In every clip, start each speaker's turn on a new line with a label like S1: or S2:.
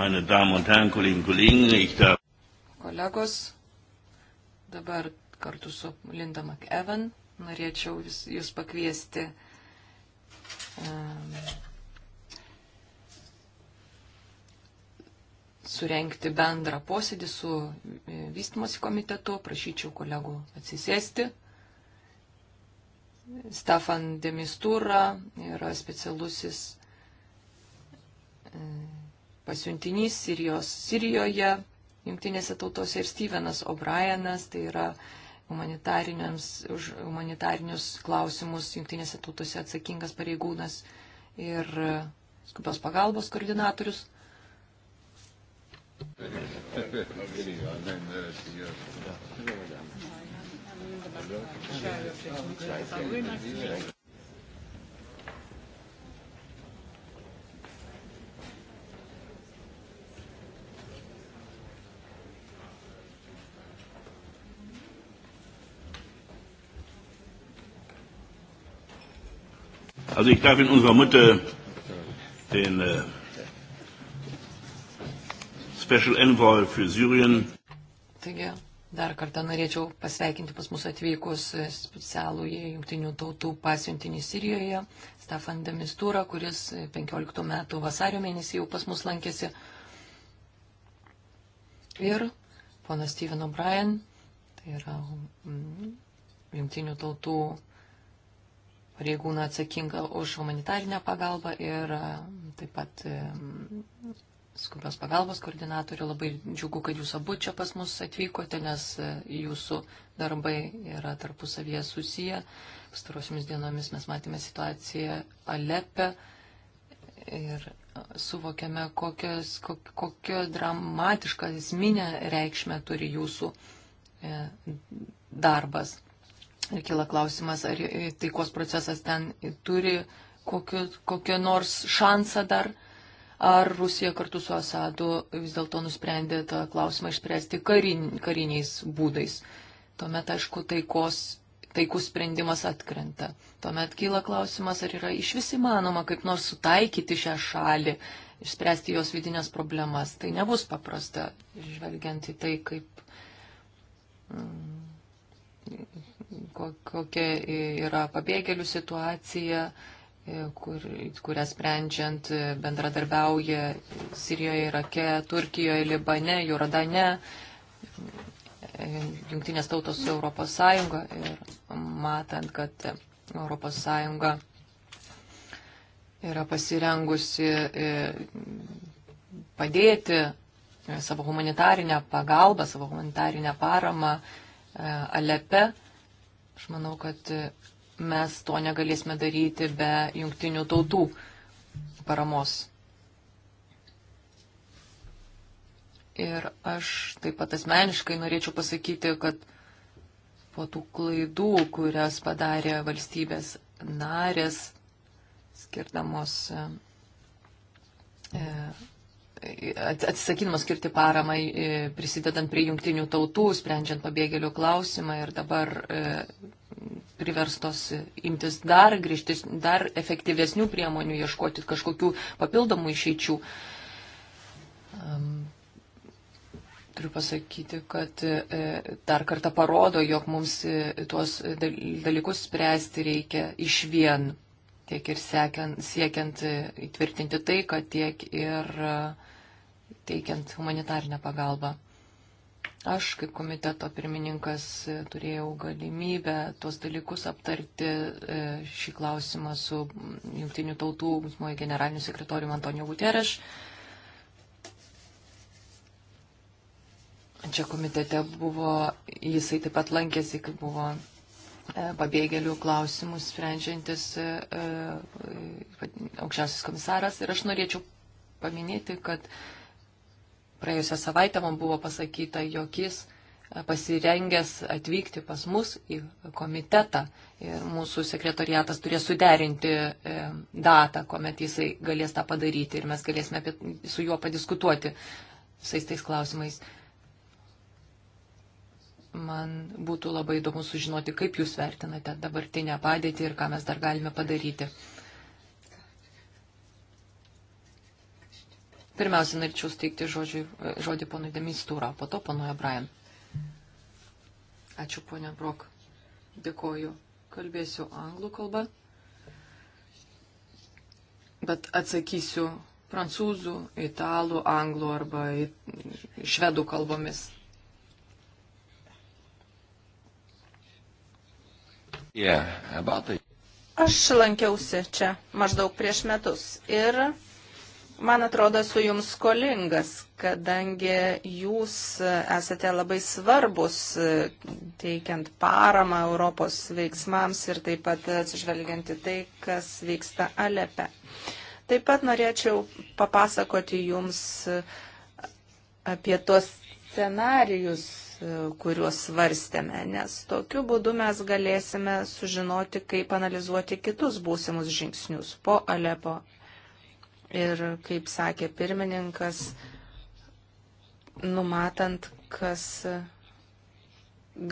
S1: Meine Damen und Herren, Kolleginnen und Kollegen, ich darf.
S2: Kolegos, dabar kartu su Linda McEwan norėčiau jūs, jūs pakviesti um, surenkti bendrą posėdį su e, vystimosi komitetu. Prašyčiau kolegų atsisėsti. Stefan Demistūra yra specialusis pasiuntinys Sirijos, Sirijoje, jungtinėse tautose ir Stevenas O'Brienas, tai yra už humanitarinius klausimus jungtinėse tautose atsakingas pareigūnas ir skubios pagalbos koordinatorius. Thank you.
S1: Also ich darf in unserer Mitte den äh, Special Envoy für Syrien.
S2: Taigi, dar kartą norėčiau pasveikinti pas mus atvykus specialų jungtinių tautų pasiuntinį Sirijoje, Stefan Demistūrą, kuris 15 metų vasario mėnesį jau pas mus lankėsi. Ir ponas Steven O'Brien, tai yra mm, jungtinių tautų pareigūną atsakingą už humanitarinę pagalbą ir e, taip pat e, skubios pagalbos koordinatorių. Labai džiugu, kad jūs abu čia pas mus atvykote, nes e, jūsų darbai yra tarpusavyje susiję. Pastarosiamis dienomis mes matėme situaciją Alepe ir suvokiame, kokios, kok, kokio dramatišką esminę reikšmę turi jūsų darbas. Ir kila klausimas, ar taikos procesas ten turi kokio, kokio nors šansą dar, ar Rusija kartu su Asadu vis dėlto nusprendė tą klausimą išspręsti karin, kariniais būdais. Tuomet, aišku, taikos, taikus sprendimas atkrenta. Tuomet kyla klausimas, ar yra iš vis įmanoma kaip nors sutaikyti šią šalį, išspręsti jos vidinės problemas. Tai nebus paprasta, žvelgiant į tai, kaip. Mm, kokia yra pabėgėlių situacija, kur, kurią sprendžiant bendradarbiauja Sirijoje, Irake, Turkijoje, Libane, Jordane, Junktinės tautos su Europos Sąjunga ir matant, kad Europos Sąjunga yra pasirengusi padėti savo humanitarinę pagalbą, savo humanitarinę paramą Alepe. Aš manau, kad mes to negalėsime daryti be jungtinių tautų paramos. Ir aš taip pat asmeniškai norėčiau pasakyti, kad po tų klaidų, kurias padarė valstybės narės, skirdamos e, atsisakydama skirti paramą prisidedant prie jungtinių tautų, sprendžiant pabėgėlių klausimą ir dabar e, priverstos imtis dar grįžtis, dar efektyvesnių priemonių, ieškoti kažkokių papildomų išeičių. Turiu pasakyti, kad e, dar kartą parodo, jog mums e, tuos dalykus spręsti reikia iš vien tiek ir siekiant, siekiant įtvirtinti taiką, tiek ir e, teikiant humanitarinę pagalbą. Aš kaip komiteto pirmininkas turėjau galimybę tuos dalykus aptarti e, šį klausimą su Junktinių tautų mūsų generaliniu sekretoriumi Antoniju Guterres. Čia komitete buvo, jisai taip pat lankėsi, kai buvo E, pabėgėlių klausimus sprendžiantis e, e, aukščiausias komisaras. Ir aš norėčiau paminėti, kad praėjusią savaitę man buvo pasakyta, jog jis pasirengęs atvykti pas mus į komitetą ir mūsų sekretoriatas turės suderinti datą, kuomet jisai galės tą padaryti ir mes galėsime apie, su juo padiskutuoti visais tais klausimais. Man būtų labai įdomu sužinoti, kaip Jūs vertinate dabartinę padėtį ir ką mes dar galime padaryti. Pirmiausia, norėčiau steigti žodžių, žodį ponui Demistūrą, po to ponui Brian. Ačiū, ponia Brok. Dėkoju. Kalbėsiu anglų kalbą, bet atsakysiu prancūzų, italų, anglų arba švedų kalbomis.
S1: Aš lankiausi čia maždaug prieš metus ir man atrodo su jums skolingas, kadangi jūs esate labai svarbus teikiant paramą Europos veiksmams ir taip pat atsižvelgianti tai, kas vyksta Alepe. Taip pat norėčiau papasakoti jums apie tuos scenarijus E, kuriuos svarstėme, nes tokiu būdu mes galėsime sužinoti, kaip analizuoti kitus būsimus žingsnius po Alepo. Ir, kaip sakė pirmininkas, numatant, kas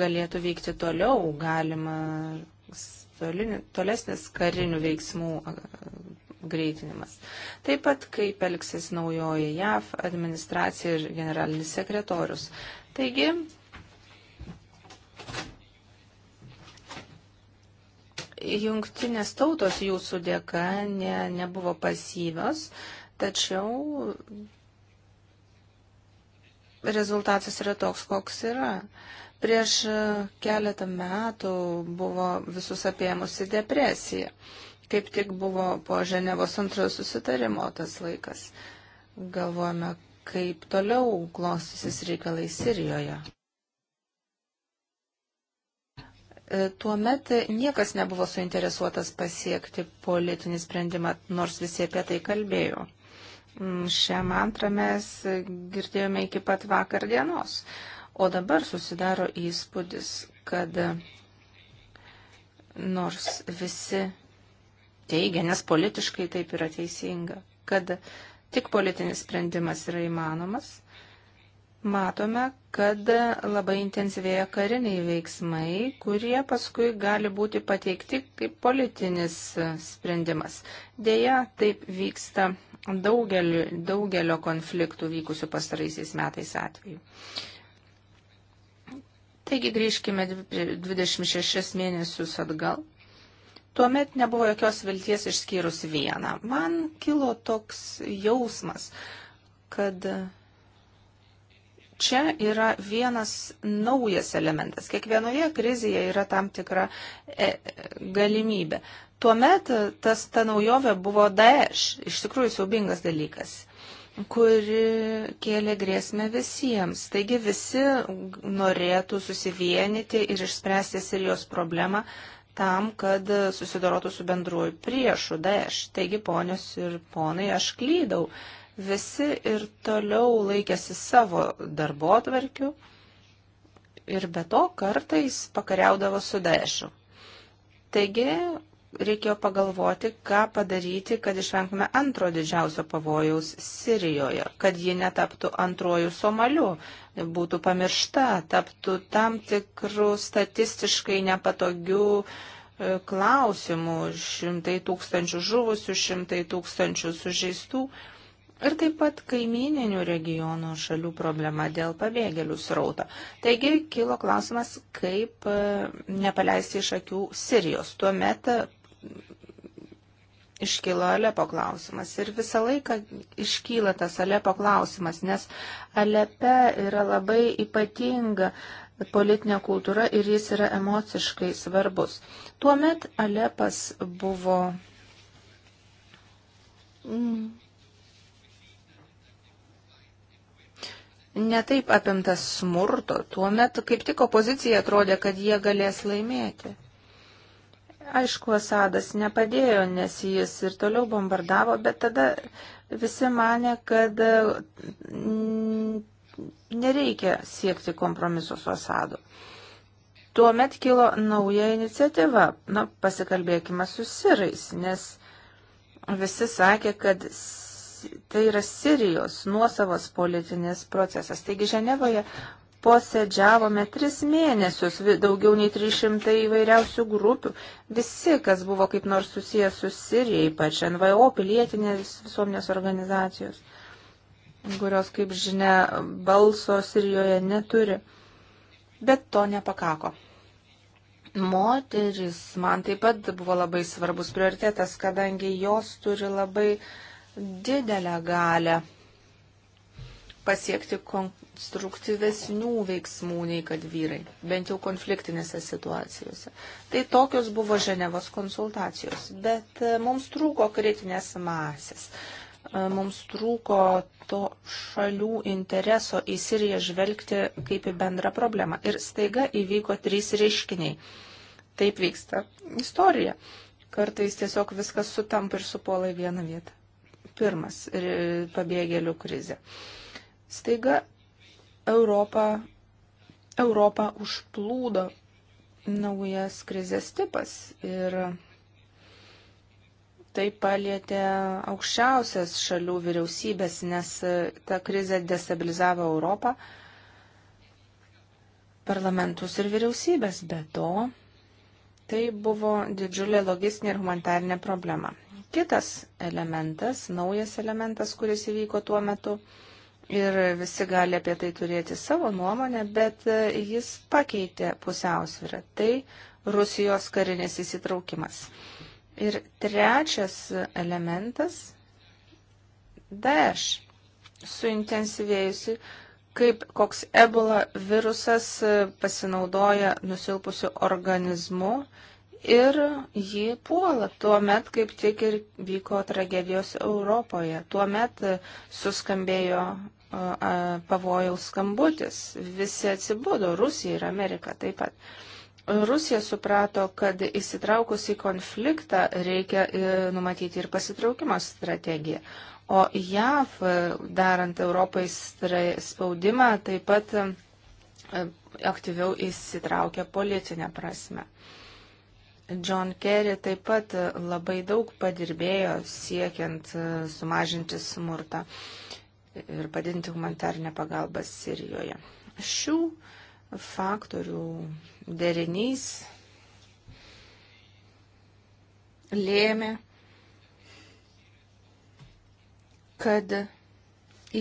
S1: galėtų vykti toliau, galima tolesnis karinių veiksmų greitinimas. Taip pat kaip elgsis naujoji JAF administracija ir generalinis sekretorius. Taigi, jungtinės tautos jūsų dėka ne, nebuvo pasyvios, tačiau rezultatas yra toks, koks yra. Prieš keletą metų buvo visus apėmusi depresija. Kaip tik buvo po Ženevos antrojo susitarimo tas laikas. Galvojame, kaip toliau klostysis reikalai Sirijoje. E, tuomet niekas nebuvo suinteresuotas pasiekti politinį sprendimą, nors visi apie tai kalbėjo. Mm, šią mantrą mes girdėjome iki pat vakar dienos. O dabar susidaro įspūdis, kad nors visi teigia, nes politiškai taip yra teisinga, kad Tik politinis sprendimas yra įmanomas. Matome, kad labai intensyvėja kariniai veiksmai, kurie paskui gali būti pateikti kaip politinis sprendimas. Deja, taip vyksta daugelio, daugelio konfliktų vykusių pastaraisiais metais atveju. Taigi grįžkime 26 mėnesius atgal Tuomet nebuvo jokios vilties išskyrus vieną. Man kilo toks jausmas, kad čia yra vienas naujas elementas. Kiekvienoje krizėje yra tam tikra e, galimybė. Tuomet tas, ta naujovė buvo Daesh, iš tikrųjų siaubingas dalykas, kuri kėlė grėsmę visiems. Taigi visi norėtų susivienyti ir išspręsti Sirijos problemą tam, kad susidorotų su bendruoju priešu Daesh. Taigi, ponios ir ponai, aš klydau. Visi ir toliau laikėsi savo darbo atverkių ir be to kartais pakariaudavo su Daešu. Taigi, reikėjo pagalvoti, ką padaryti, kad išvengtume antro didžiausio pavojaus Sirijoje, kad ji netaptų antrojų Somaliu, būtų pamiršta, taptų tam tikrų statistiškai nepatogių e, klausimų, šimtai tūkstančių žuvusių, šimtai tūkstančių sužeistų ir taip pat kaimininių regionų šalių problema dėl pabėgėlių srauto. Taigi kilo klausimas, kaip e, nepaleisti iš akių Sirijos. Tuomet iškilo Alepo klausimas. Ir visą laiką iškyla tas Alepo klausimas, nes Alepe yra labai ypatinga politinė kultūra ir jis yra emociškai svarbus. Tuomet Alepas buvo. Mm, Netaip apimtas smurto, tuomet kaip tik opozicija atrodė, kad jie galės laimėti. Aišku, Asadas nepadėjo, nes jis ir toliau bombardavo, bet tada visi mane, kad mm, nereikia siekti kompromiso su Asadu. Tuomet kilo nauja iniciatyva. Na, pasikalbėkime su sirais, nes visi sakė, kad tai yra Sirijos nuosavas politinis procesas. Taigi Ženevoje posėdžiavome tris mėnesius, daugiau nei 300 įvairiausių grupių. Visi, kas buvo kaip nors susijęs su Sirija, ypač NVO, pilietinės visuomenės organizacijos, kurios, kaip žinia, balso Sirijoje neturi. Bet to nepakako. Moteris man taip pat buvo labai svarbus prioritetas, kadangi jos turi labai didelę galę pasiekti konstruktyvesnių veiksmų nei kad vyrai, bent jau konfliktinėse situacijose. Tai tokios buvo Ženevos konsultacijos, bet e, mums trūko kritinės masės. E, mums trūko to šalių intereso į Siriją žvelgti kaip į bendrą problemą. Ir staiga įvyko trys reiškiniai. Taip vyksta istorija. Kartais tiesiog viskas sutampa ir supuola į vieną vietą. Pirmas e, - pabėgėlių krizė. Staiga Europą, Europą užplūdo naujas krizės tipas ir tai palėtė aukščiausias šalių vyriausybės, nes ta krizė destabilizavo Europą, parlamentus ir vyriausybės, bet to tai buvo didžiulė logistinė ir humanitarinė problema. Kitas elementas, naujas elementas, kuris įvyko tuo metu, ir visi gali apie tai turėti savo nuomonę, bet e, jis pakeitė pusiausvyrą. Tai Rusijos karinės įsitraukimas. Ir trečias elementas - Daesh, suintensyvėjusi, kaip koks ebola virusas e, pasinaudoja nusilpusiu organizmu ir jį puola. Tuomet kaip tik ir vyko tragedijos Europoje. Tuomet e, suskambėjo pavojaus skambutis. Visi atsibudo, Rusija ir Amerika taip pat. Rusija suprato, kad įsitraukus į konfliktą reikia e, numatyti ir pasitraukimo strategiją. O JAV, e, darant Europai spaudimą, taip pat e, aktyviau įsitraukia politinę prasme. John Kerry taip pat labai daug padirbėjo siekiant sumažinti smurtą ir padinti humanitarinę pagalbą Sirijoje. Šių faktorių derinys lėmė, kad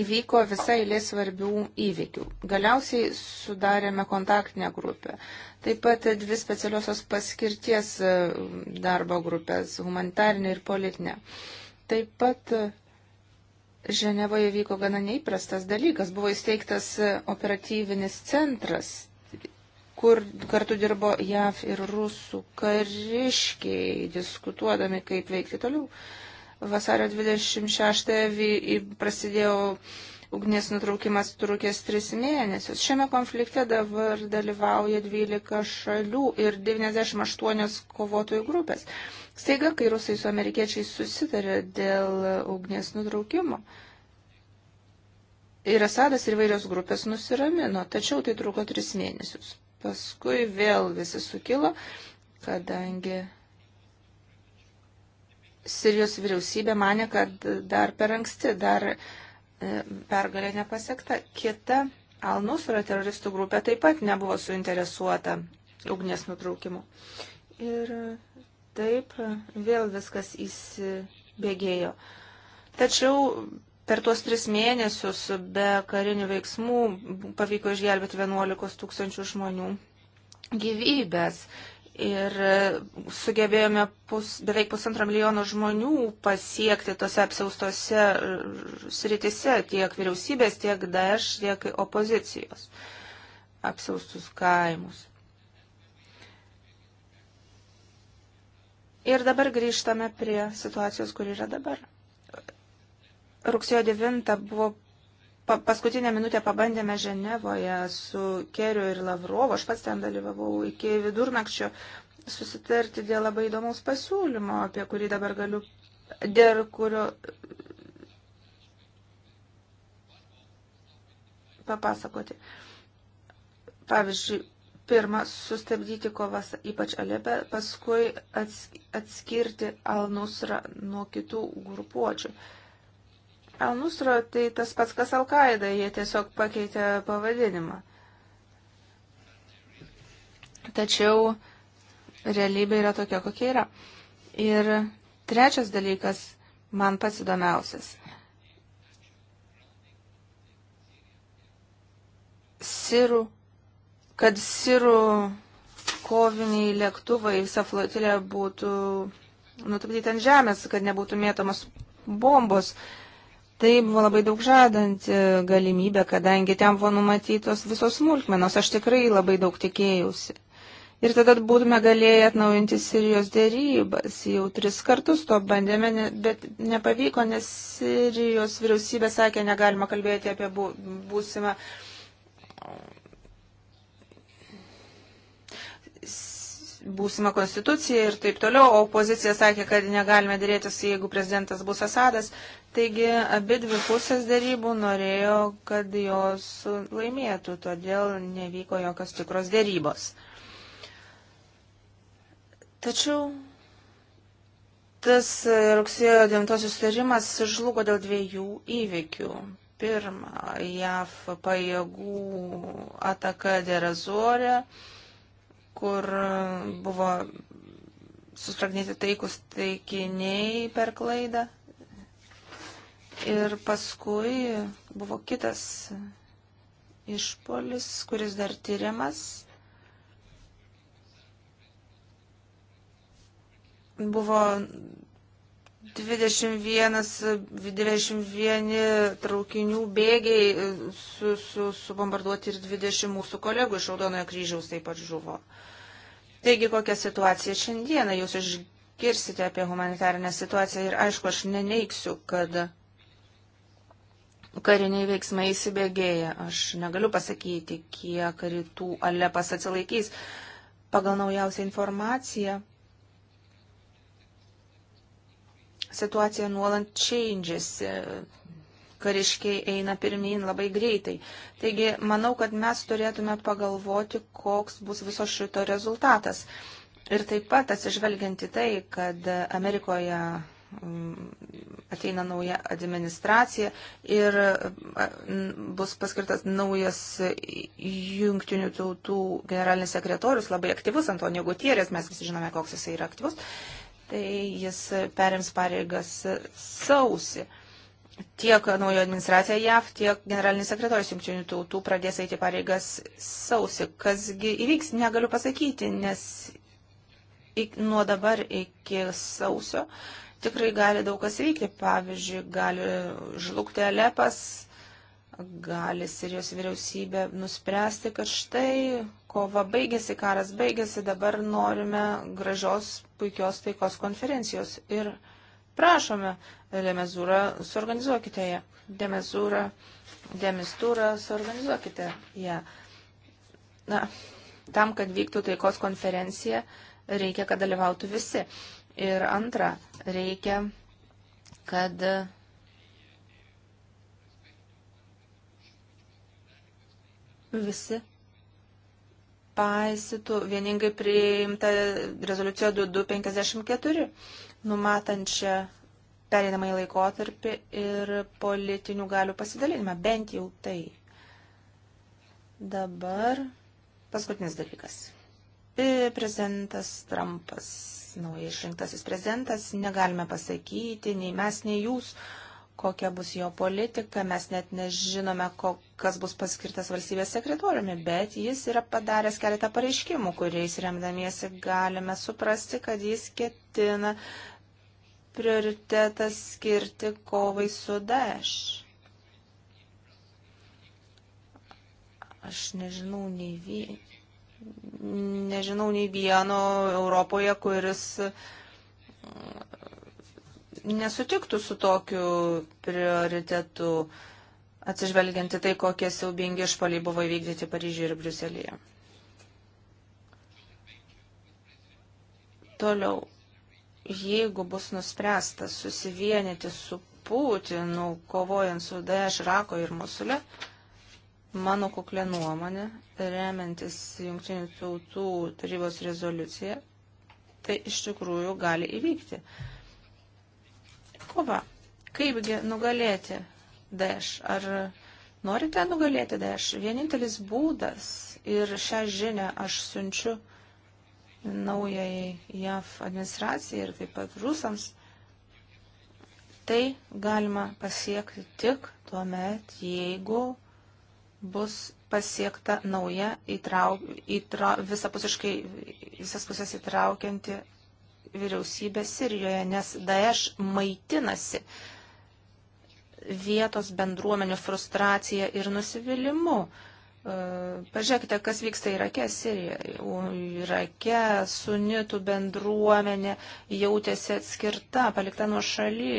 S1: įvyko visai lė svarbių įvykių. Galiausiai sudarėme kontaktinę grupę. Taip pat dvi specialiosios paskirties darbo grupės - humanitarinė ir politinė. Taip pat Ženevoje vyko gana neįprastas dalykas. Buvo įsteigtas e, operatyvinis centras, kur kartu dirbo JAV ir rusų kariškiai, diskutuodami, kaip veikti toliau. Vasario 26 prasidėjo Ugnies nutraukimas trukės tris mėnesius. Šiame konflikte dabar dalyvauja 12 šalių ir 98 kovotojų grupės. Staiga, kai rusai su amerikiečiai susitarė dėl ugnies nutraukimo, ir Asadas ir vairios grupės nusiramino, tačiau tai truko tris mėnesius. Paskui vėl visi sukilo, kadangi Sirijos vyriausybė mane, kad dar per anksti, dar uh, E, pergalė nepasiekta. Kita Alnusra teroristų grupė taip pat nebuvo suinteresuota ugnies nutraukimu. Ir taip vėl viskas įsibėgėjo. Tačiau per tuos tris mėnesius be karinių veiksmų pavyko išgelbėti 11 tūkstančių žmonių gyvybės Ir e, sugebėjome pus, beveik pusantro milijono žmonių pasiekti tose apsaustose e, sritise, tiek vyriausybės, tiek DAEŠ, tiek opozicijos apsaustus kaimus. Ir dabar grįžtame prie situacijos, kur yra dabar. Rugsėjo 9 buvo pa, paskutinę minutę pabandėme Ženevoje su Keriu ir Lavrovu, aš pats ten dalyvavau iki vidurnakčio, susitarti dėl labai įdomaus pasiūlymo, apie kurį dabar galiu, dėl kurio papasakoti. Pavyzdžiui, pirmą sustabdyti kovas ypač Alepe, paskui atskirti Alnusra nuo kitų grupuočių. Uh, Al-Nusra tai tas pats, kas Al-Qaeda, jie tiesiog pakeitė pavadinimą. Tačiau realybė yra tokia, kokia yra. Ir trečias dalykas, man pats įdomiausias. Sirų, kad sirų koviniai lėktuvai visą flotilę būtų nutupdyti ant žemės, kad nebūtų mėtomas bombos. Uh, Tai buvo labai daug žadanti galimybė, kadangi ten buvo numatytos visos smulkmenos, aš tikrai labai daug tikėjausi. Ir tada būtume galėję atnaujinti Sirijos dėrybas. Jau tris kartus to bandėme, bet nepavyko, nes Sirijos vyriausybė sakė, negalima kalbėti apie būsimą būsimą konstituciją ir taip toliau. Opozicija sakė, kad negalime dėrėtis, jeigu prezidentas bus Asadas. Taigi abi dvi pusės darybų norėjo, kad jos laimėtų, todėl nevyko jokios tikros darybos. Tačiau tas rugsėjo 9 sustarimas žlugo dėl dviejų įvykių. Pirma, JAF pajėgų ataka Derazorė, kur buvo suspragdinti taikus taikiniai per klaidą Ir paskui buvo kitas išpolis, kuris dar tyriamas. Buvo 21, 21 traukinių bėgiai e, su, su, subombarduoti ir 20 mūsų kolegų iš Raudonojo kryžiaus taip pat žuvo. Taigi, kokia situacija šiandieną? Jūs išgirsite apie humanitarinę situaciją ir aišku, aš neneiksiu, kad kariniai veiksmai įsibėgėja. Aš negaliu pasakyti, kiek rytų Alepas atsilaikys. Pagal naujausią informaciją situacija nuolant keičiasi. Kariškiai eina pirmyn labai greitai. Taigi, manau, kad mes turėtume pagalvoti, koks bus viso šito rezultatas. Ir taip pat atsižvelgiant į tai, kad Amerikoje Mm, ateina nauja administracija ir bus paskirtas naujas jungtinių tautų generalinis sekretorius, labai aktyvus Antonijo Gutierės, mes visi žinome, koks jis yra aktyvus, tai jis perims pareigas sausi. Tiek naujo administracija JAV, tiek generalinis sekretorius jungtinių tautų pradės eiti pareigas sausi. Kasgi įvyks, negaliu pasakyti, nes nuo dabar iki sausio uh, tikrai gali daug kas veikti. Pavyzdžiui, gali žlugti Alepas, gali Sirijos vyriausybė nuspręsti, kad štai kova baigėsi, karas baigėsi, dabar norime gražios, puikios taikos konferencijos. Ir prašome, Lemezūrą suorganizuokite ją. Demezūrą, Demistūrą suorganizuokite ją. Na, tam, kad vyktų taikos konferencija, reikia, kad dalyvautų visi. Ir antra, reikia, kad visi paisytų vieningai priimta rezoliucija 2254, numatančią pereinamą į laikotarpį ir politinių galių pasidalinimą, bent jau tai. Dabar paskutinis dalykas. E, prezidentas Trumpas, naujai išrinktasis prezidentas, negalime pasakyti, nei mes, nei jūs, kokia bus jo politika, mes net nežinome, kas bus paskirtas valstybės sekretoriumi, bet jis yra padaręs keletą pareiškimų, kuriais remdamiesi galime suprasti, kad jis ketina prioritetą skirti kovai su Daesh. Aš nežinau nei vieną nežinau nei vieno Europoje, kuris mm, nesutiktų su tokiu prioritetu, atsižvelgianti tai, kokie siaubingi išpaliai buvo įvykdyti Paryžiuje ir Briuselėje. Toliau, jeigu bus nuspręsta susivienyti su Putinu, kovojant su Daesh, Irako ir Musule, ir Mano kuklė nuomonė, remiantis Junktinių tautų tarybos rezoliuciją, tai iš tikrųjų gali įvykti. Kova. Kaipgi nugalėti Daesh? Ar norite nugalėti Daesh? Vienintelis būdas ir šią žinę aš siunčiu naujai JAV administracijai ir taip pat rusams, tai galima pasiekti tik tuo met, jeigu bus pasiekta nauja, įtrauk, įtra, visapusiškai visas pusės įtraukianti vyriausybė Sirijoje, nes Daesh maitinasi vietos bendruomenių frustracija ir nusivylimu. E, pažiūrėkite, kas vyksta Irake, Sirijoje. Irake sunitų bendruomenė jautėsi atskirta, palikta nuo šaly.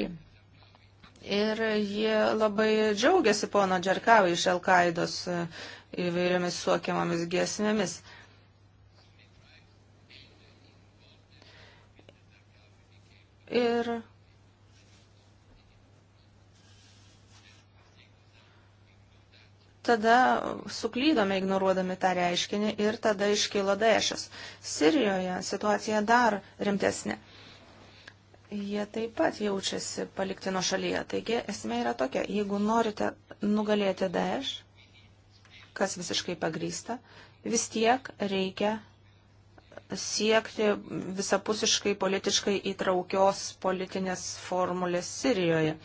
S1: Ir jie labai džiaugiasi pono Džerkavai iš Elkaidos e, įvairiomis suokiamomis giesmėmis. Ir tada suklydome ignoruodami tą reiškinį ir tada iškilo Daešas. Sirijoje situacija dar rimtesnė jie taip pat jaučiasi palikti nuo šalyje. Taigi esmė yra tokia, jeigu norite nugalėti Daesh, kas visiškai pagrysta, vis tiek reikia siekti visapusiškai politiškai įtraukios politinės formulės Sirijoje.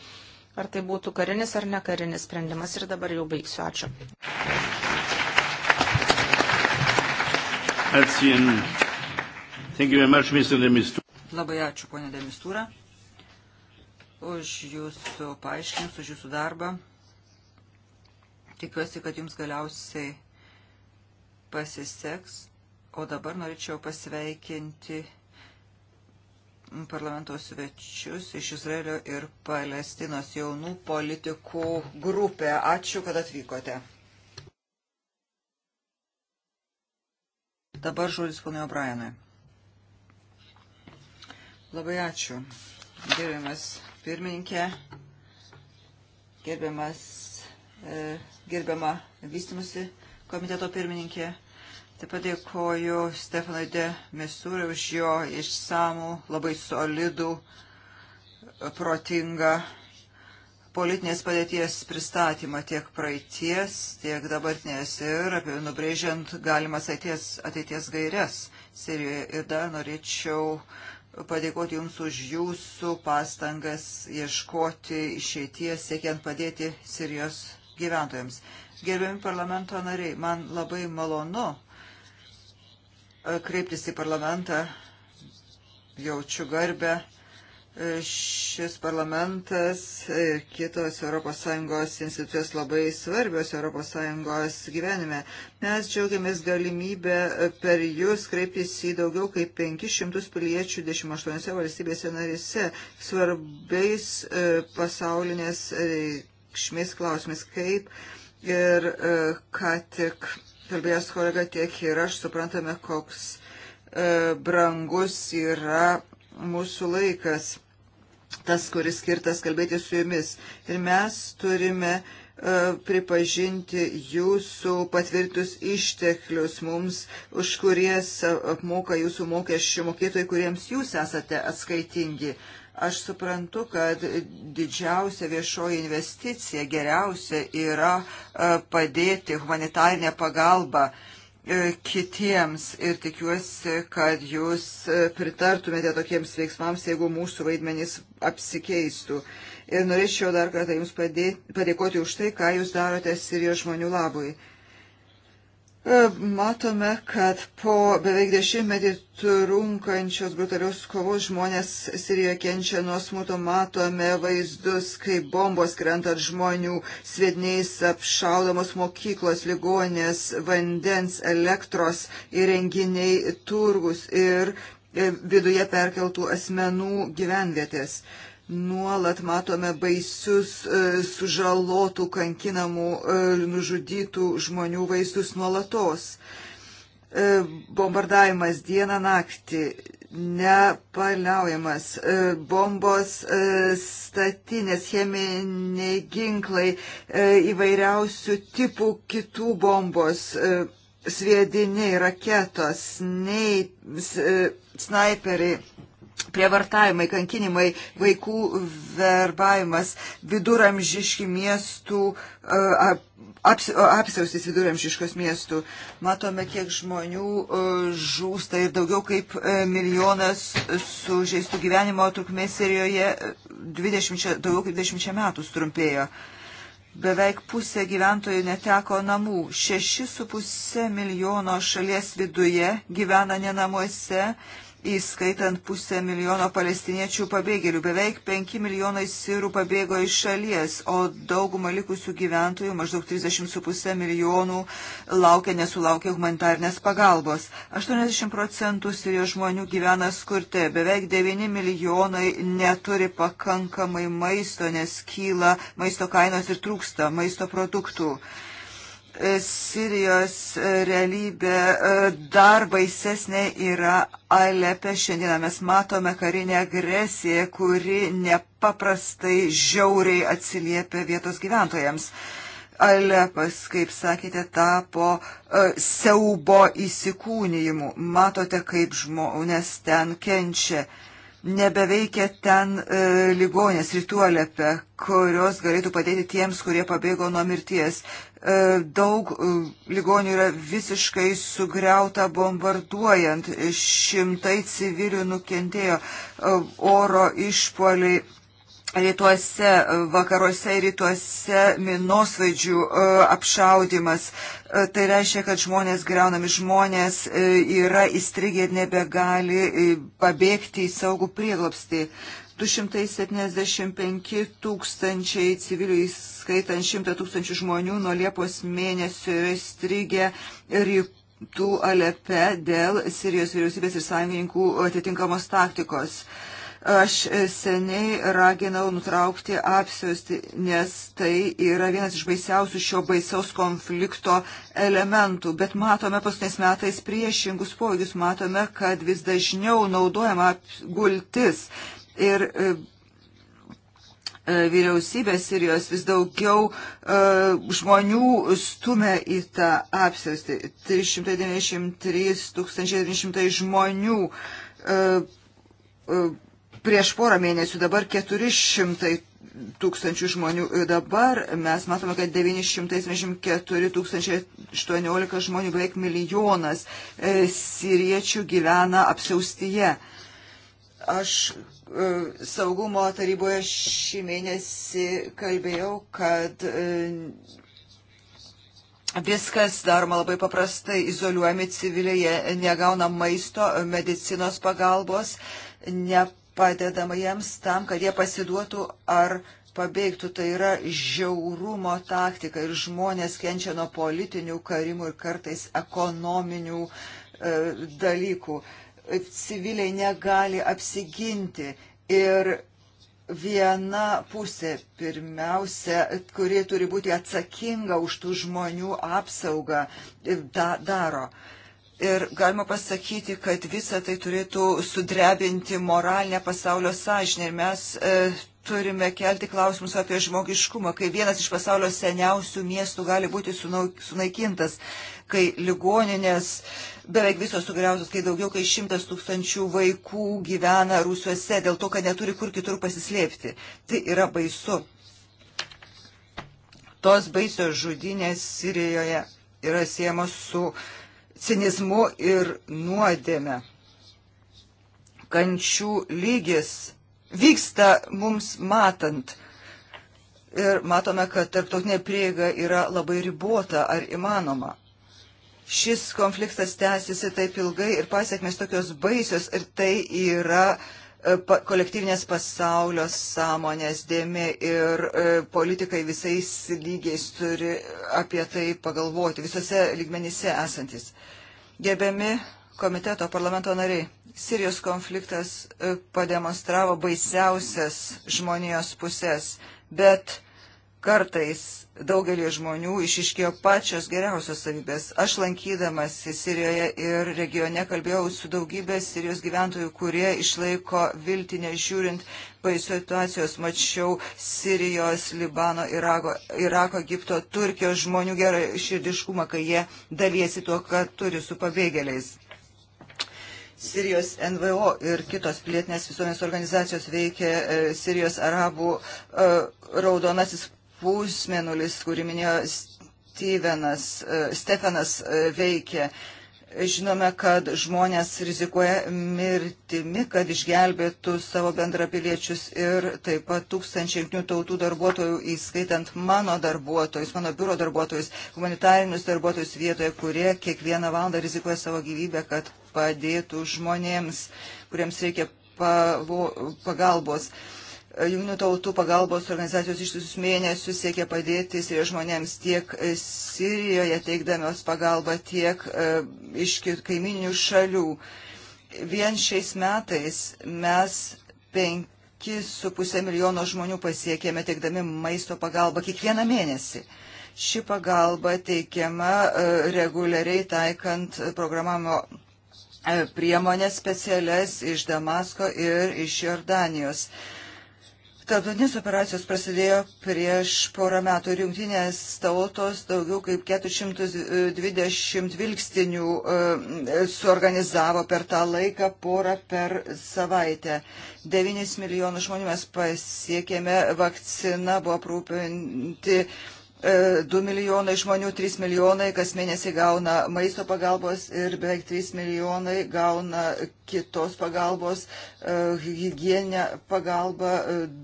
S1: Ar tai būtų karinis ar nekarinis sprendimas. Ir dabar jau baigsiu. Ačiū. Ačiū. Thank you very much, Mr. Demistur.
S3: Labai ačiū, ponė Demistūra, už jūsų paaiškinimus, už jūsų darbą. Tikiuosi, kad jums galiausiai pasiseks. O dabar norėčiau pasveikinti parlamento svečius iš Izraelio ir Palestinos jaunų politikų grupę. Ačiū, kad atvykote. Dabar žodis ponui O'Brienui. Labai ačiū. Gerbiamas pirmininkė, gerbiamas, e, gerbiama vystimusi komiteto pirmininkė. Taip pat dėkoju Stefanai de Mesūrai už jo išsamų, labai solidų, protingą politinės padėties pristatymą tiek praeities, tiek dabartinės ir apie nubrėžiant galimas ateities, ateities gairias Sirijoje. Ir dar norėčiau padėkoti Jums už Jūsų pastangas ieškoti išeities, siekiant padėti Sirijos gyventojams. Gerbiami parlamento nariai, man labai malonu e, kreiptis į parlamentą, jaučiu garbę šis parlamentas ir kitos ES institucijos labai svarbios ES gyvenime. Mes džiaugiamės galimybę per jūs kreiptis į daugiau kaip 500 piliečių 28 valstybėse narise svarbiais e, pasaulinės reikšmės klausimais, kaip ir e, ką tik kalbėjęs kolega tiek ir aš suprantame, koks e, brangus yra mūsų laikas tas, kuris skirtas kalbėti su jumis. Ir mes turime uh, pripažinti jūsų patvirtus išteklius mums, už kuries apmoka jūsų mokesčių mokėtojai, kuriems jūs esate atskaitingi. Aš suprantu, kad didžiausia viešoji investicija geriausia yra uh, padėti humanitarinę pagalbą uh, E, kitiems ir tikiuosi, kad jūs e, pritartumėte tokiems veiksmams, jeigu mūsų vaidmenys apsikeistų. Ir norėčiau dar kartą jums padėti, padėkoti už tai, ką jūs darote Sirijos žmonių labui. E, matome, kad po beveik dešimtmetį trunkančios brutalios kovos žmonės Sirijoje kenčia nuo smurto. Matome vaizdus, kai bombos krenta žmonių svedniais apšaudomos mokyklos, ligonės, vandens, elektros įrenginiai, turgus ir e, viduje perkeltų asmenų gyvenvietės. Nuolat matome baisius e, sužalotų, kankinamų, e, nužudytų žmonių vaizdus nuolatos. E, bombardavimas dieną naktį nepaliaujamas. Bombos statinės, cheminiai ginklai, įvairiausių tipų kitų bombos, sviediniai, raketos, nei snaiperiai prievartavimai, kankinimai, vaikų verbavimas, viduramžiški miestų, aps, apsiaustis viduramžiškos miestų. Matome, kiek žmonių žūsta ir daugiau kaip e, milijonas sužeistų gyvenimo trukmė Sirijoje 20, daugiau kaip 20 metų trumpėjo. Beveik pusė gyventojų neteko namų, 6,5 milijono šalies viduje gyvena ne namuose, įskaitant pusę milijono palestiniečių pabėgėlių. Beveik 5 milijonai sirų pabėgo iš šalies, o dauguma likusių gyventojų, maždaug 30,5 milijonų, laukia nesulaukia humanitarnės pagalbos. 80 procentų sirijos žmonių gyvena skurte, beveik 9 milijonai neturi pakankamai maisto, nes kyla maisto kainos ir trūksta maisto produktų. Sirijos e, realybė e, dar baisesnė yra Alepe. Šiandieną mes matome karinę agresiją, kuri nepaprastai žiauriai atsiliepia vietos gyventojams. Alepas, kaip sakėte, tapo e, siaubo įsikūnijimu. Matote, kaip žmonės ten kenčia nebeveikia ten e, ligonės rytų Alepe, kurios galėtų padėti tiems, kurie pabėgo nuo mirties. E, daug e, ligonių yra visiškai sugriauta bombarduojant, šimtai civilių nukentėjo, e, oro išpoliai rytuose, e, vakaruose ir rytuose minosvaidžių e, apšaudimas. E, tai reiškia, kad žmonės greunami žmonės yra įstrigę ir nebegali pabėgti į saugų prieglopstį. 275 tūkstančiai civilių, skaitant 100 tūkstančių žmonių, nuo Liepos mėnesio yra įstrigę rytų Alepe dėl Sirijos vyriausybės ir sąjungininkų atitinkamos taktikos. Uh, Aš e, seniai raginau nutraukti apsiusti, nes tai yra vienas iš baisiausių šio baisaus konflikto elementų. Bet matome paskutiniais metais priešingus poveikius, matome, kad vis dažniau naudojama gultis. Ir e, e, vyriausybės ir jos vis daugiau uh, žmonių stumia į tą apsėstį. 393 1900 žmonių uh, uh, prieš porą mėnesių, dabar 400 tūkstančių žmonių, dabar mes matome, kad 974 018 žmonių, beveik milijonas e, siriečių gyvena apsaustyje. Aš e, saugumo taryboje šį mėnesį kalbėjau, kad e, Viskas daroma labai paprastai, izoliuojami civiliai, negauna maisto, medicinos pagalbos, ne, padedama jiems tam, kad jie pasiduotų ar pabeigtų. Tai yra žiaurumo taktika ir žmonės kenčia nuo politinių karimų ir kartais ekonominių e, dalykų. Civiliai negali apsiginti ir viena pusė pirmiausia, kuri turi būti atsakinga už tų žmonių apsaugą, e, da, daro. E, Ir galima pasakyti, kad visa tai turėtų sudrebinti moralinę pasaulio sąžinę. Ir mes e, turime kelti klausimus apie žmogiškumą, kai vienas iš pasaulio seniausių miestų gali būti sunaikintas, kai ligoninės beveik visos sugriautos, kai daugiau kaip šimtas tūkstančių vaikų gyvena rūsiuose dėl to, kad neturi kur kitur pasislėpti. Tai yra baisu. Tos baisios žudinės Sirijoje yra siemos su uh, cinizmu ir nuodėme. Kančių lygis vyksta mums matant. Ir matome, kad tarptautinė prieiga yra labai ribota ar įmanoma. Šis konfliktas tęsiasi taip ilgai ir pasiekmes tokios baisios ir tai yra uh, E, kolektyvinės pasaulio sąmonės dėmė ir e, politikai visais lygiais turi apie tai pagalvoti, visose lygmenyse esantis. Gerbiami komiteto parlamento nariai, Sirijos konfliktas e, pademonstravo baisiausias žmonijos pusės, bet kartais daugelį žmonių išiškėjo pačios geriausios savybės. Aš lankydamas į Sirijoje ir regione kalbėjau su daugybė Sirijos gyventojų, kurie išlaiko viltį nežiūrint baisio situacijos. Mačiau Sirijos, Libano, Irako, Irako, Egipto, Turkijos žmonių gerą širdiškumą, kai jie dalysi tuo, ką turi su pabėgėliais. Sirijos NVO ir kitos pilietinės visuomenės organizacijos veikia e, Sirijos arabų e, raudonasis pusmenulis, kurį minėjo Stevenas, e, Stefanas e, veikia. Žinome, kad žmonės rizikuoja mirtimi, kad išgelbėtų savo bendrapiliečius ir taip pat tūkstančiai jungtinių tautų darbuotojų, įskaitant mano darbuotojus, mano biuro darbuotojus, humanitarinius darbuotojus vietoje, kurie kiekvieną valandą rizikuoja savo gyvybę, kad padėtų žmonėms, kuriems reikia pagalbos. Uh, E, Junktinių tautų pagalbos organizacijos ištisus mėnesius siekia padėti Sirijos žmonėms tiek e, Sirijoje teikdamios pagalbą, tiek e, iš kaimininių šalių. Vien šiais metais mes 5,5 milijono žmonių pasiekėme teikdami maisto pagalbą kiekvieną mėnesį. Ši pagalba teikiama reguliariai taikant programavimo priemonės specialias iš Damasko ir iš Jordanijos. Tarptautinės operacijos prasidėjo prieš porą metų ir jungtinės tautos daugiau kaip 420 vilkstinių e, suorganizavo per tą laiką porą per savaitę. 9 milijonų žmonių mes pasiekėme, vakcina buvo aprūpinti 2 e, milijonai žmonių, 3 milijonai kas mėnesį gauna maisto pagalbos ir beveik 3 milijonai gauna kitos pagalbos, e, hygieninę pagalbą.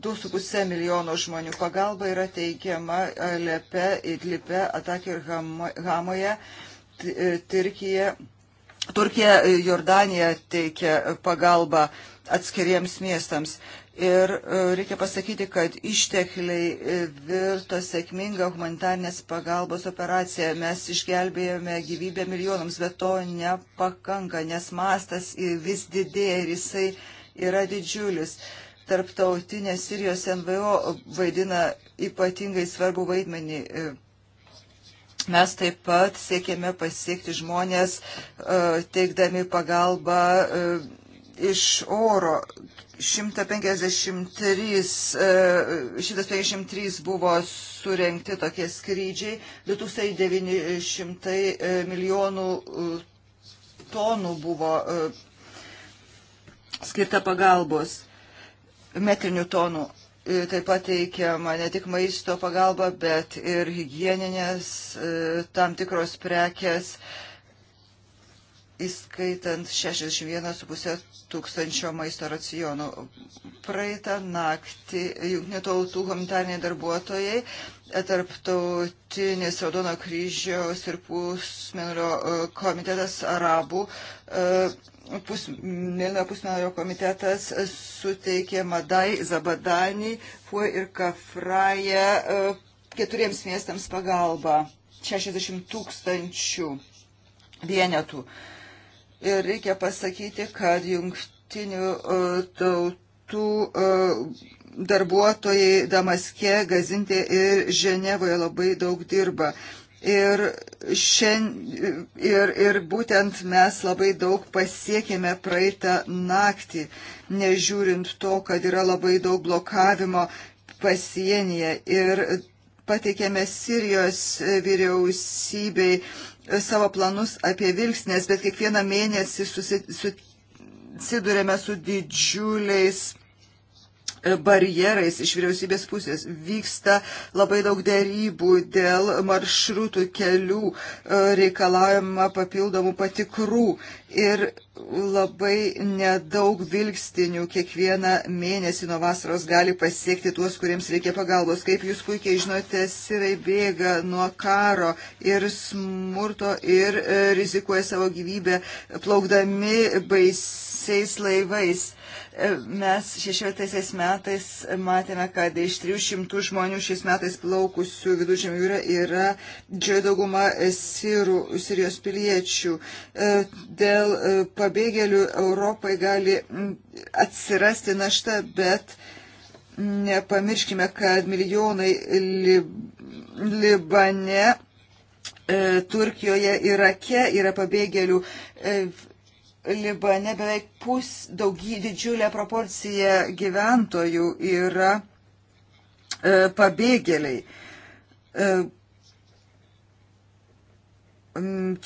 S3: 2,5 e, milijono žmonių pagalba yra teikiama Alepe, Idlipe, Atakė ir Hamoje, Tirkija. Turkija, Jordanija teikia pagalbą atskiriems miestams. Ir e, reikia pasakyti, kad ištekliai e, virto sėkmingą humanitarnės pagalbos operaciją. Mes išgelbėjome gyvybę milijonams, bet to nepakanka, nes mastas vis didėja ir jisai yra didžiulis. Tarptautinė Sirijos NVO vaidina ypatingai svarbu vaidmenį. E, mes taip pat siekėme pasiekti žmonės, teikdami pagalbą iš oro 153, 153 e, buvo surenkti tokie skrydžiai, 2900 e, milijonų e, tonų buvo skirta pagalbos, metrinių tonų. Taip pat teikiama ne tik maisto pagalba, bet ir hygieninės tam tikros prekės. E, įskaitant 61,5 tūkstančio maisto racionų. Praeitą naktį jungtinių tautų humanitariniai darbuotojai, tarptautinis Raudono kryžiaus ir pusmenulio e, komitetas arabų, e, pusmenulio pusmenulio komitetas suteikė Madai, Zabadani, Fue ir Kafraje keturiems miestams pagalbą. 60 tūkstančių vienetų. Uh, Ir reikia pasakyti, kad jungtinių e, tautų e, darbuotojai Damaske, Gazintė ir Ženevoje labai daug dirba. Ir, šien, ir, ir būtent mes labai daug pasiekėme praeitą naktį, nežiūrint to, kad yra labai daug blokavimo pasienyje. Ir pateikėme Sirijos vyriausybei savo planus apie vilksnės, bet kiekvieną mėnesį susidurėme su didžiuliais barjerais iš vyriausybės pusės. Vyksta labai daug dėrybų dėl maršrutų kelių e, reikalavimą papildomų patikrų ir labai nedaug vilkstinių kiekvieną mėnesį nuo vasaros gali pasiekti tuos, kuriems reikia pagalbos. Kaip jūs puikiai žinote, sirai bėga nuo karo ir smurto ir e, rizikuoja savo gyvybę plaukdami baisiais laivais Mes 16 metais matėme, kad iš 300 žmonių šiais metais plaukusių viduržėmio jūra yra didžioji dauguma sirų, sirijos piliečių. E, dėl e, pabėgėlių Europai gali atsirasti našta, bet nepamirškime, kad milijonai lib, Libane e, Turkijoje, Irake yra pabėgėlių Libane beveik pus daugy didžiulė proporcija gyventojų yra e, pabėgėliai. E,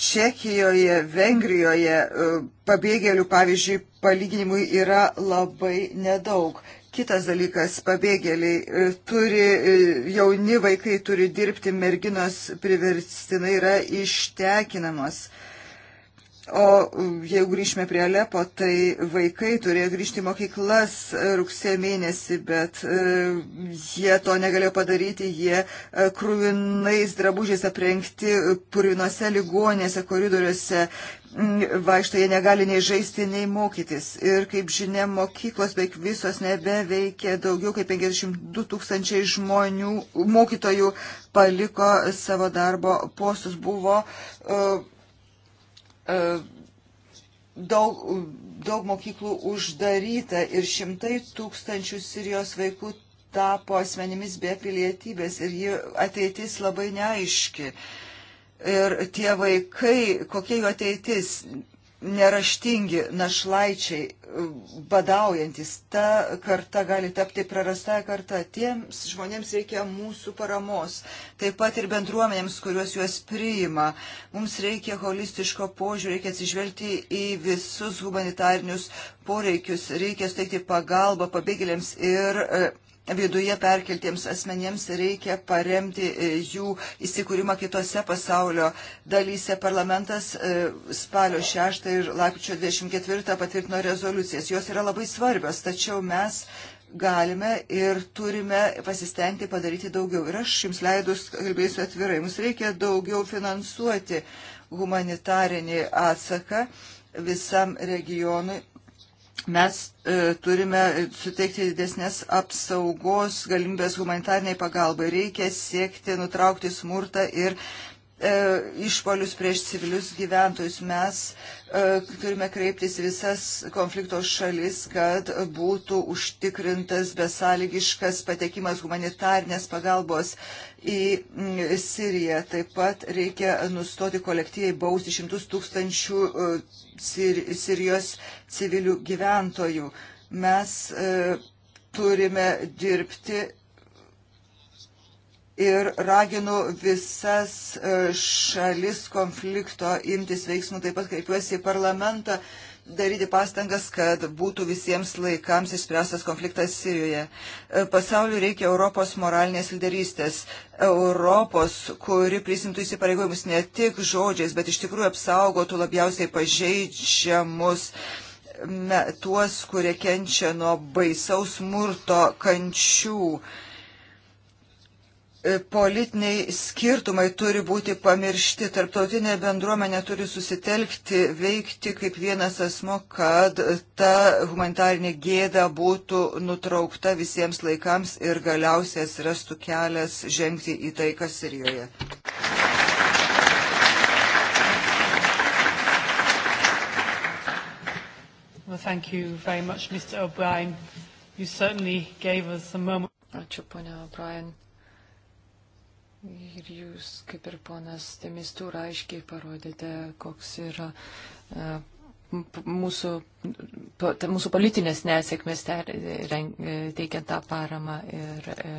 S3: Čekijoje, Vengrijoje e, pabėgėlių, pavyzdžiui, palyginimui yra labai nedaug. Kitas dalykas, pabėgėliai e, turi, e, jauni vaikai turi dirbti, merginos priverstinai yra ištekinamos. E, O mm, jeigu grįžtume prie Alepo, tai vaikai turėjo grįžti į mokyklas e, rugsėjo mėnesį, bet e, jie to negalėjo padaryti, jie e, krūvinais drabužiais aprengti, purinose ligonėse, koridoriuose mm, vaikšto, jie negali nei žaisti, nei mokytis. Ir kaip žinia, mokyklos beveik visos nebeveikia, daugiau kaip 52 tūkstančiai žmonių, mokytojų paliko savo darbo postus, buvo uh, E, daug, daug mokyklų uždaryta ir šimtai tūkstančių Sirijos vaikų tapo asmenimis be pilietybės ir jų ateitis labai neaiški. Ir tie vaikai, kokia jų ateitis, neraštingi, našlaičiai badaujantis. Ta karta gali tapti prarastąją kartą. Tiems žmonėms reikia mūsų paramos. Taip pat ir bendruomenėms, kuriuos juos priima. Mums reikia holistiško požiūrį, reikia atsižvelgti į visus humanitarinius poreikius, reikia suteikti pagalbą pabėgėliams ir e, viduje perkeltiems asmenėms reikia paremti e, jų įsikūrimą kitose pasaulio dalyse. Parlamentas e, spalio 6 ir lapkričio 24 patvirtino rezoliucijas. Jos yra labai svarbios, tačiau mes galime ir turime pasistengti padaryti daugiau. Ir aš jums leidus kalbėsiu atvirai. Mums reikia daugiau finansuoti humanitarinį atsaką visam regionui mes e, turime suteikti didesnės apsaugos galimybės humanitarniai pagalbai. Reikia siekti nutraukti smurtą ir e, išpolius prieš civilius gyventojus. Mes e, turime kreiptis visas konflikto šalis, kad būtų užtikrintas besąlygiškas patekimas humanitarnės pagalbos į Siriją. Taip pat reikia nustoti kolektyviai bausti šimtus tūkstančių e, Sir, Sirijos civilių gyventojų. Mes e, turime dirbti ir raginu visas e, šalis konflikto imtis veiksmų, taip pat kreipiuosi į parlamentą, e, daryti pastangas, kad būtų visiems laikams išspręstas konfliktas Sirijoje. E, pasauliu reikia Europos moralinės lyderystės. Europos, kuri prisimtų įsipareigojimus ne tik žodžiais, bet iš tikrųjų apsaugotų labiausiai pažeidžiamus me, tuos, kurie kenčia nuo baisaus smurto kančių. Uh, E, politiniai skirtumai turi būti pamiršti. Tarptautinė bendruomenė turi susitelkti, veikti kaip vienas asmo, kad ta humanitarinė gėda būtų nutraukta visiems laikams ir galiausiai atsirastų kelias žengti į taiką Sirijoje.
S2: Well, thank you very much, Mr. O'Brien. You certainly gave us a moment. Ačiū, ponia O'Brien Ir jūs, kaip ir ponas Temistūra, aiškiai parodėte, koks yra e, mūsų, mūsų politinės nesėkmės e, teikiant tą paramą. Ir e,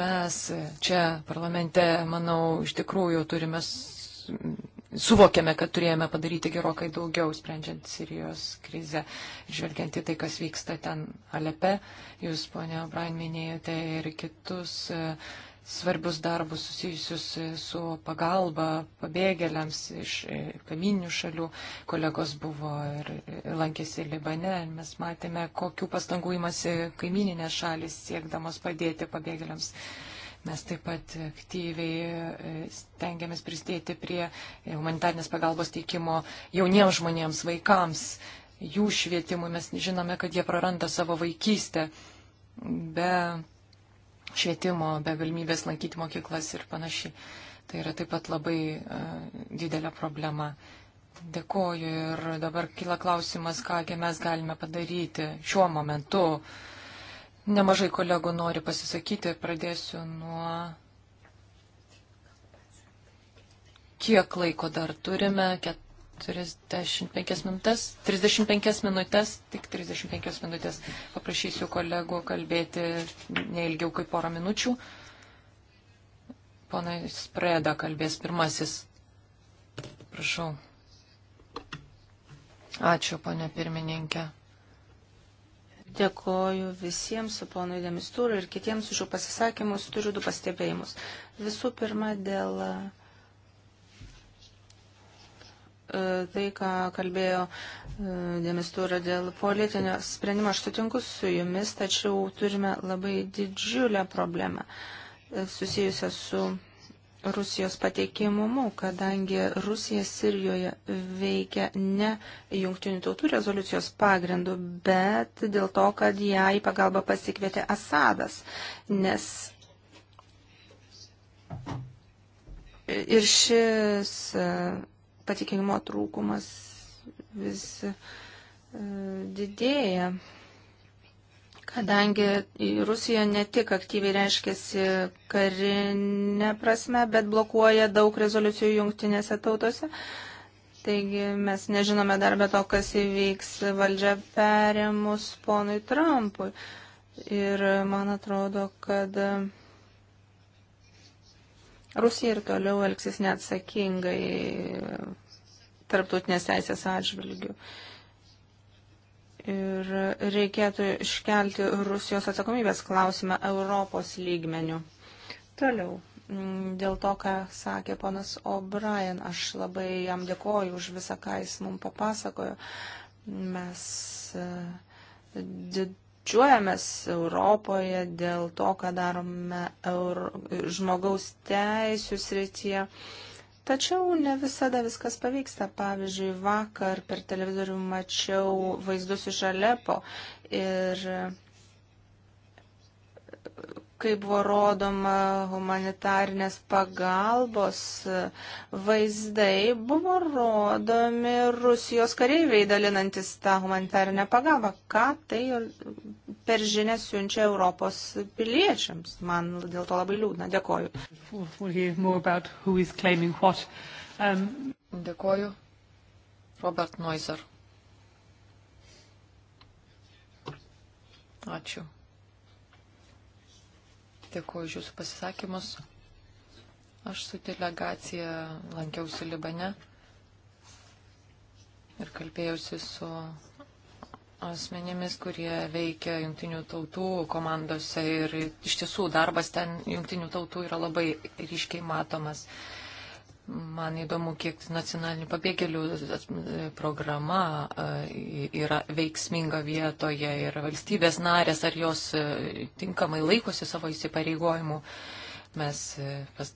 S2: mes čia parlamente, manau, iš tikrųjų turime, suvokėme, kad turėjome padaryti gerokai daugiau, sprendžiant Sirijos krizę, žvelgiant į tai, kas vyksta ten Alepe. Jūs, ponia Brain, minėjote ir kitus svarbius darbus susijusius e, su pagalba pabėgėliams iš e, kaiminių šalių. Kolegos buvo ir e, lankėsi Libane. Mes matėme, kokiu pastangu imasi kaimininės šalis siekdamos padėti pabėgėliams. Mes taip pat aktyviai stengiamės prisidėti prie humanitarnės pagalbos teikimo jauniems žmonėms, vaikams, jų švietimui. Mes žinome, kad jie praranda savo vaikystę be švietimo, be galimybės lankyti mokyklas ir panašiai. Tai yra taip pat labai e, didelė problema. Dėkoju ir dabar kyla klausimas, kągi mes galime padaryti šiuo momentu. Nemažai kolegų nori pasisakyti, pradėsiu nuo. Kiek laiko dar turime? Ket 35 minutės, 35 minutės, tik 35 minutės. Paprašysiu kolegų kalbėti neilgiau kaip porą minučių. Ponai Spreda kalbės pirmasis. Prašau. Ačiū, ponė pirmininkė.
S1: Dėkoju visiems su ponui Demistūru ir kitiems už jų pasisakymus. Turiu du pastebėjimus. Visų pirma, dėl uh, E, tai, ką kalbėjo e, Demistūra dėl politinio sprendimo. Aš sutinku su jumis, tačiau turime labai didžiulę problemą e, susijusią su Rusijos pateikimumu, kadangi Rusija Sirijoje veikia ne jungtinių tautų rezoliucijos pagrindu, bet dėl to, kad ją į pagalbą pasikvietė Asadas, nes ir šis patikimo trūkumas vis e, didėja, kadangi Rusija ne tik aktyviai reiškiasi karinė prasme, bet blokuoja daug rezoliucijų jungtinėse tautose. Taigi mes nežinome dar be to, kas įvyks valdžia perėmus ponui Trumpui. Ir man atrodo, kad Rusija ir toliau elgsis neatsakingai tarptautinės teisės atžvilgių. Ir reikėtų iškelti Rusijos atsakomybės klausimą Europos lygmenių. Toliau, mm, dėl to, ką sakė ponas O'Brien, aš labai jam dėkoju už visą, ką jis mums papasakojo. Mes e, did didžiuojamės Europoje dėl to, ką darome Euro, žmogaus teisų srityje. Tačiau ne visada viskas pavyksta. Pavyzdžiui, vakar per televizorių mačiau vaizdus iš Alepo ir kai buvo rodoma humanitarnės pagalbos vaizdai, buvo rodomi Rusijos kareiviai dalinantis tą humanitarnę pagalbą. Ką tai per žinę siunčia Europos piliečiams? Man dėl to labai liūdna. Dėkoju.
S2: Um, Dėkoju. Robert Noiser. Ačiū dėkuoju už Jūsų pasisakymus. Aš su delegacija lankiausi Libane ir kalbėjausi su asmenėmis, kurie veikia jungtinių tautų komandose ir iš tiesų darbas ten jungtinių tautų yra labai ryškiai matomas. Uh, Man įdomu, kiek nacionalinių pabėgėlių e, programa e, yra veiksminga vietoje ir valstybės narės, ar jos e, tinkamai laikosi savo įsipareigojimų. Mes pas,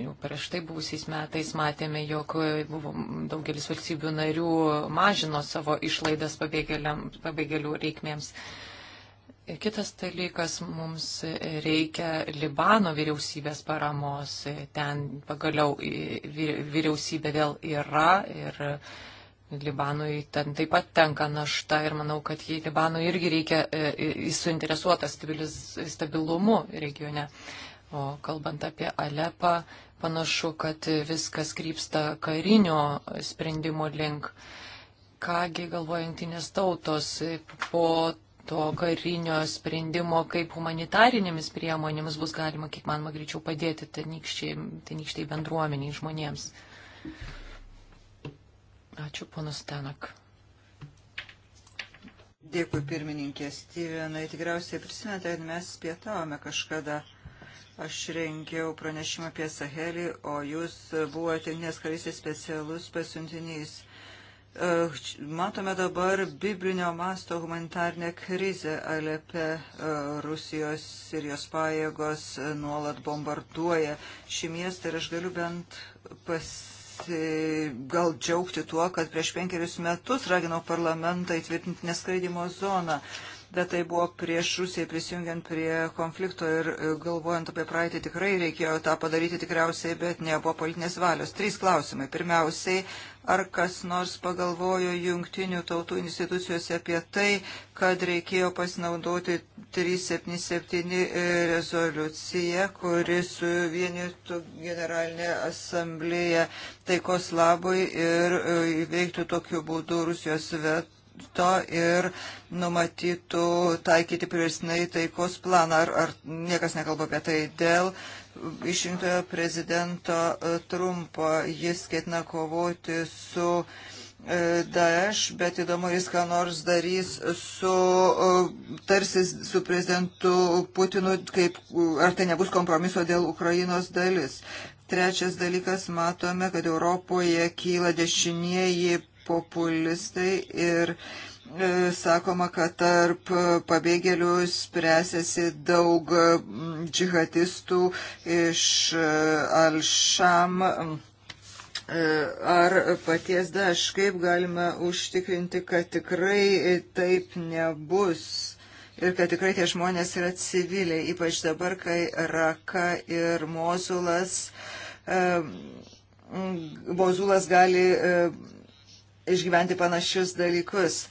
S2: jau prieš tai buvusiais metais matėme, jog buvo daugelis valstybių narių mažino savo išlaidas pabėgėlių reikmėms. Ir kitas dalykas, mums reikia Libano vyriausybės paramos. Ten pagaliau vyriausybė vėl yra ir Libanui ten taip pat tenka našta ir manau, kad jį Libanui irgi reikia, jis e, suinteresuotas stabilumu regione. O kalbant apie Alepą, panašu, kad viskas krypsta karinio sprendimo link kągi galvoja jungtinės tautos po to karinio sprendimo, kaip humanitarinėmis priemonėmis bus galima, kiek manoma, greičiau padėti tenykščiai bendruomeniai žmonėms. Ačiū, ponas Tenak.
S3: Dėkui, pirmininkė Stevenai. Tikriausiai prisimenate, kad mes pietavome kažkada. Aš rengiau pranešimą apie Sahelį, o jūs buvote Junktinės karalystės specialus pasiuntinys. Matome dabar biblinio masto humanitarnę krizę Alepe. E, Rusijos ir jos pajėgos e, nuolat bombarduoja šį miestą ir aš galiu bent pasi... gal džiaugti tuo, kad prieš penkerius metus raginau parlamentą įtvirtinti neskraidimo zoną. Uh, bet tai buvo prieš Rusiją prisijungiant prie konflikto ir e, galvojant apie praeitį tikrai reikėjo tą padaryti tikriausiai, bet nebuvo politinės valios. Trys klausimai. Pirmiausiai, ar kas nors pagalvojo jungtinių tautų institucijose apie tai, kad reikėjo pasinaudoti 377 e, rezoliuciją, kuri suvienytų generalinę asamblėją taikos labui ir e, įveiktų tokiu būdu Rusijos veto konflikto ir numatytų taikyti priversnai taikos planą. Ar, ar niekas nekalba apie tai dėl išrinktojo prezidento e, Trumpo. Jis ketina kovoti su e, Daesh, bet įdomu, jis ką nors darys su, e, tarsi su prezidentu Putinu, kaip, ar tai nebus kompromiso dėl Ukrainos dalis. Trečias dalykas, matome, kad Europoje kyla dešinieji populistai ir e, sakoma, kad tarp pabėgėlių spręsiasi daug džihadistų iš e, Alšam e, ar paties daž, kaip galima užtikrinti, kad tikrai taip nebus ir kad tikrai tie žmonės yra civiliai, ypač dabar, kai Raka ir Mozulas, Mozulas gali išgyventi panašius dalykus.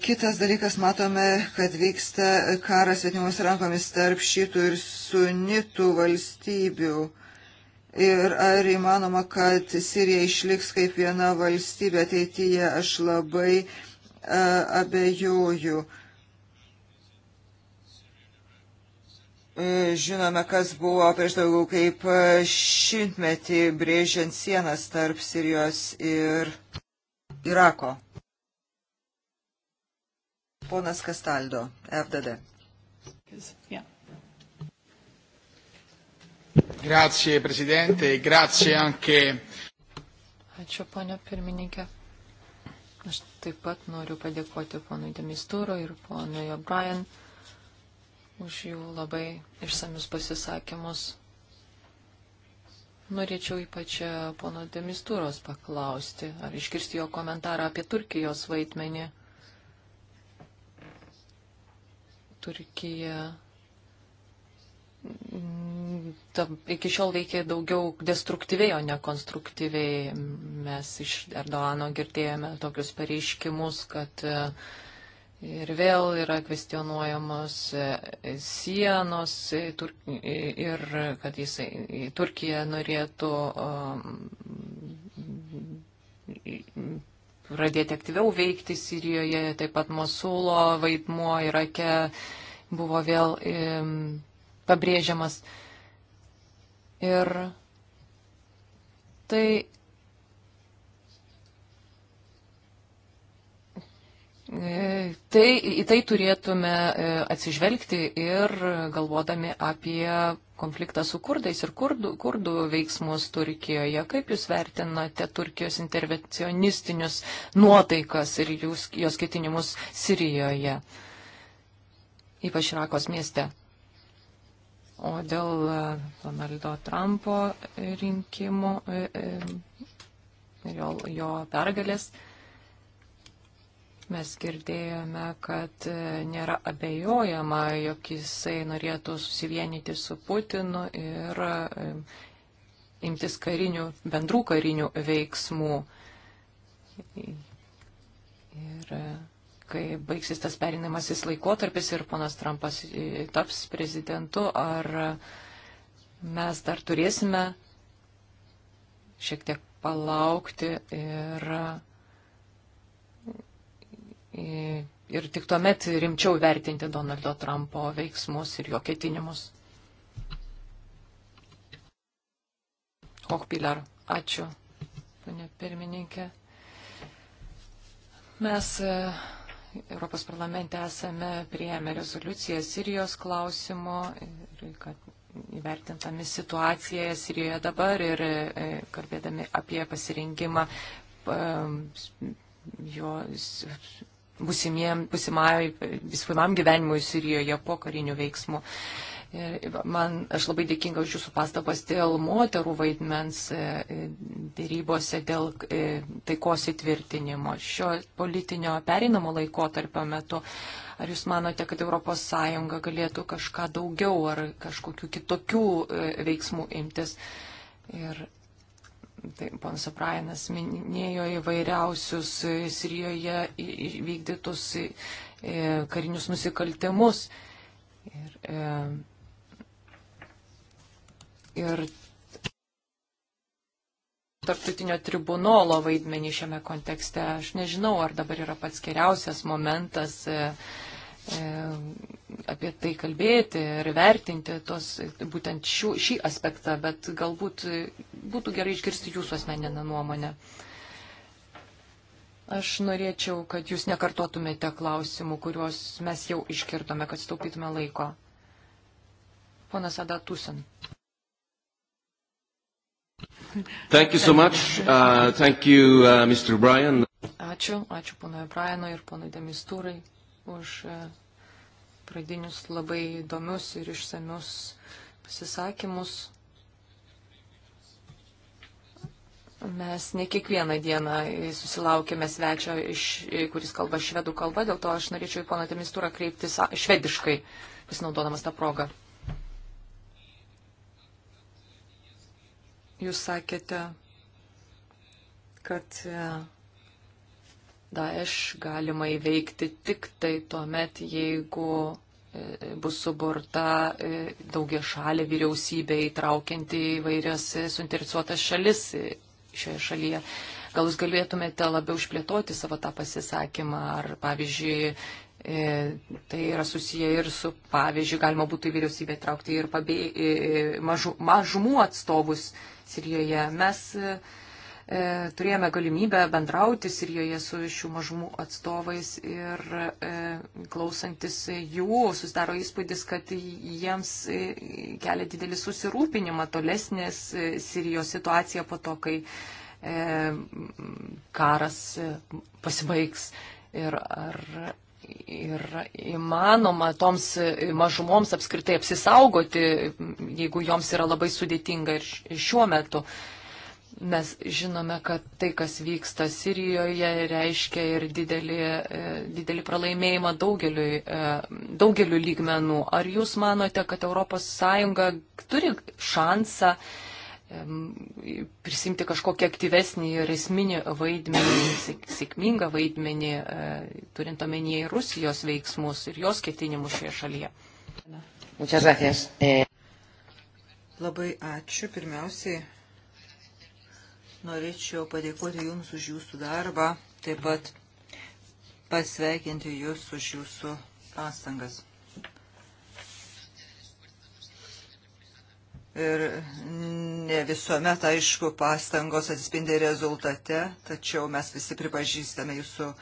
S3: Kitas dalykas, matome, kad vyksta karas svetimus rankomis tarp šitų ir sunitų valstybių. Ir ar įmanoma, kad Sirija išliks kaip viena valstybė ateityje, aš labai a, abejoju. A, E, žinome, kas buvo prieš daugiau kaip e, šimtmetį brėžiant sienas tarp Sirijos ir Irako. Ponas Kastaldo, FDD.
S2: Yeah.
S1: Grazie Presidente, grazie anche.
S2: Ačiū ponia pirmininkė. Aš taip pat noriu padėkoti ponui Demistūro ir ponui O'Brien už jų labai išsamius pasisakymus. Norėčiau ypač e, pono Demistūros paklausti, ar iškirsti jo komentarą apie Turkijos vaidmenį. Turkija ta, iki šiol veikė daugiau destruktyviai, o ne konstruktyviai. Mes iš Erdoano girdėjome tokius pareiškimus, kad uh, Ir vėl yra kvestionuojamos e, sienos e, e, ir kad jisai, Turkija norėtų um, pradėti aktyviau veikti Sirijoje, taip pat Mosulo vaidmuo Irake buvo vėl pabrėžiamas. Ir tai Tai, į tai turėtume e, atsižvelgti ir galvodami apie konfliktą su kurdais ir kurdų, kurdų veiksmus Turkijoje. Kaip Jūs vertinate Turkijos intervencionistinius nuotaikas ir jūs, jos ketinimus Sirijoje, ypač Rakos mieste? O dėl e, Donaldo Trumpo rinkimų e, ir jo, jo pergalės. Mes girdėjome, kad e, nėra abejojama, jog jisai norėtų susivienyti su Putinu ir e, imtis karinių, bendrų karinių veiksmų. Ir e, kai baigsis tas perinamasis laikotarpis ir ponas Trumpas taps prezidentu, ar mes dar turėsime šiek tiek palaukti ir ir tik tuomet rimčiau vertinti Donaldo Trumpo veiksmus ir jo ketinimus. Hochpilar, ačiū, ponė pirmininkė. Mes e, Europos parlamente esame prieėmę rezoliuciją Sirijos klausimo ir kad įvertintami situaciją Sirijoje dabar ir e, kalbėdami apie pasirinkimą jo busimam gyvenimui Sirijoje po karinių veiksmų. Ir man aš labai dėkinga už jūsų pastabas dėl moterų vaidmens e, dėrybose, dėl e, taikos įtvirtinimo. Šio politinio pereinamo laiko tarp metu, ar jūs manote, kad ES galėtų kažką daugiau ar kažkokiu kitokių e, veiksmų imtis? Ir Tai ponas Aprainas minėjo įvairiausius e, Sirijoje vykdytus e, e, karinius nusikaltimus. Ir, ir tarptautinio tribunolo vaidmenį šiame kontekste. Aš nežinau, ar dabar yra pats geriausias momentas. E, E, apie tai kalbėti ir vertinti tos, būtent šių, šį aspektą, bet galbūt būtų gerai išgirsti jūsų asmeninę nuomonę. Aš norėčiau, kad jūs nekartotumėte klausimų, kuriuos mes jau iškirtome, kad staupytume laiko. Ponas Adatusin. Thank you so much. Uh, thank
S1: you, uh, Mr. Brian.
S2: Ačiū, ačiū ponui Brianui ir ponui Demistūrai už e, pradinius labai įdomius ir išsamius pasisakymus. Mes ne kiekvieną dieną susilaukėme svečio, iš, e, kuris kalba švedų kalba, dėl to aš norėčiau į poną Temistūrą kreiptis švediškai, pasinaudodamas tą progą. Jūs sakėte, kad e, Daesh galima įveikti tik tai tuo met, jeigu e, bus suburta e, daugia šalė vyriausybė įtraukianti įvairias e, suinteresuotas šalis šioje šalyje. Gal jūs galėtumėte labiau išplėtoti savo tą pasisakymą, ar pavyzdžiui, tai yra susiję ir su, pavyzdžiui, galima būtų į vyriausybę įtraukti ir pabė, mažu, mažumų atstovus Sirijoje. Mes e, turėjome galimybę bendrauti Sirijoje su šių mažumų atstovais ir e, klausantis jų susidaro įspūdis, kad jiems e, kelia didelį susirūpinimą tolesnės e, Sirijos situacija po to, kai e, karas e, pasibaigs. Ir ar ir įmanoma toms mažumoms apskritai apsisaugoti, jeigu joms yra labai sudėtinga ir šiuo metu. Uh, Mes žinome, kad tai, kas vyksta Sirijoje, reiškia ir didelį, e, didelį pralaimėjimą daugeliu, e, daugeliu lygmenų. Ar jūs manote, kad ES turi šansą prisimti kažkokį aktyvesnį ir esminį vaidmenį, sėkmingą vaidmenį, e, turint omenyje ir Rusijos veiksmus ir jos ketinimus šioje šalyje. Eh, Labai ačiū. Pirmiausiai
S3: Norėčiau padėkoti Jums už Jūsų darbą, taip pat pasveikinti Jūs už Jūsų pastangas. Ir ne visuomet, aišku, pastangos atsispindi rezultate, tačiau mes visi pripažįstame jūsų e,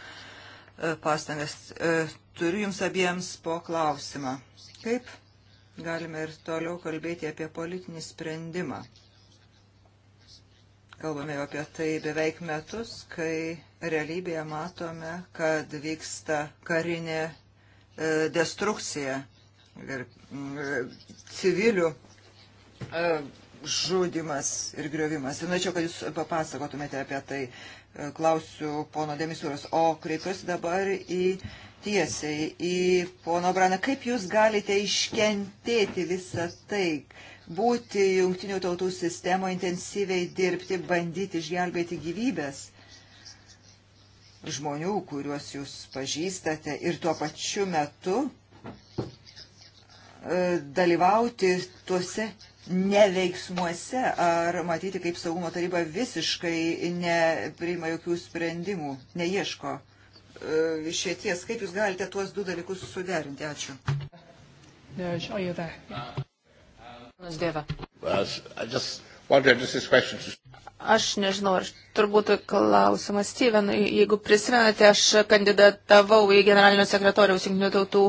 S3: pastangas. E, turiu jums abiems po klausimą. Kaip galime ir toliau kalbėti apie politinį sprendimą? kalbame jau apie tai beveik metus, kai realybėje matome, kad vyksta karinė e, destrukcija ir e, civilių e, žudimas ir griovimas. Ir norėčiau, kad jūs papasakotumėte apie tai. Klausiu pono Demisūros, o kreipiuosi dabar į tiesiai į pono Braną. Kaip jūs galite iškentėti visą tai, būti jungtinių tautų sistemoje, intensyviai dirbti, bandyti išgelbėti gyvybės žmonių, kuriuos jūs pažįstate ir tuo pačiu metu e, dalyvauti tuose neveiksmuose ar matyti, kaip saugumo taryba visiškai nepriima jokių sprendimų, neieško sprendimų E, išėties. Kaip jūs galite tuos du dalykus suderinti? Ačiū. Aš
S1: nežinau, aš turbūt klausimas Stevenui, jeigu prisimenate, aš kandidatavau į generalinio sekretoriaus jungtinių tautų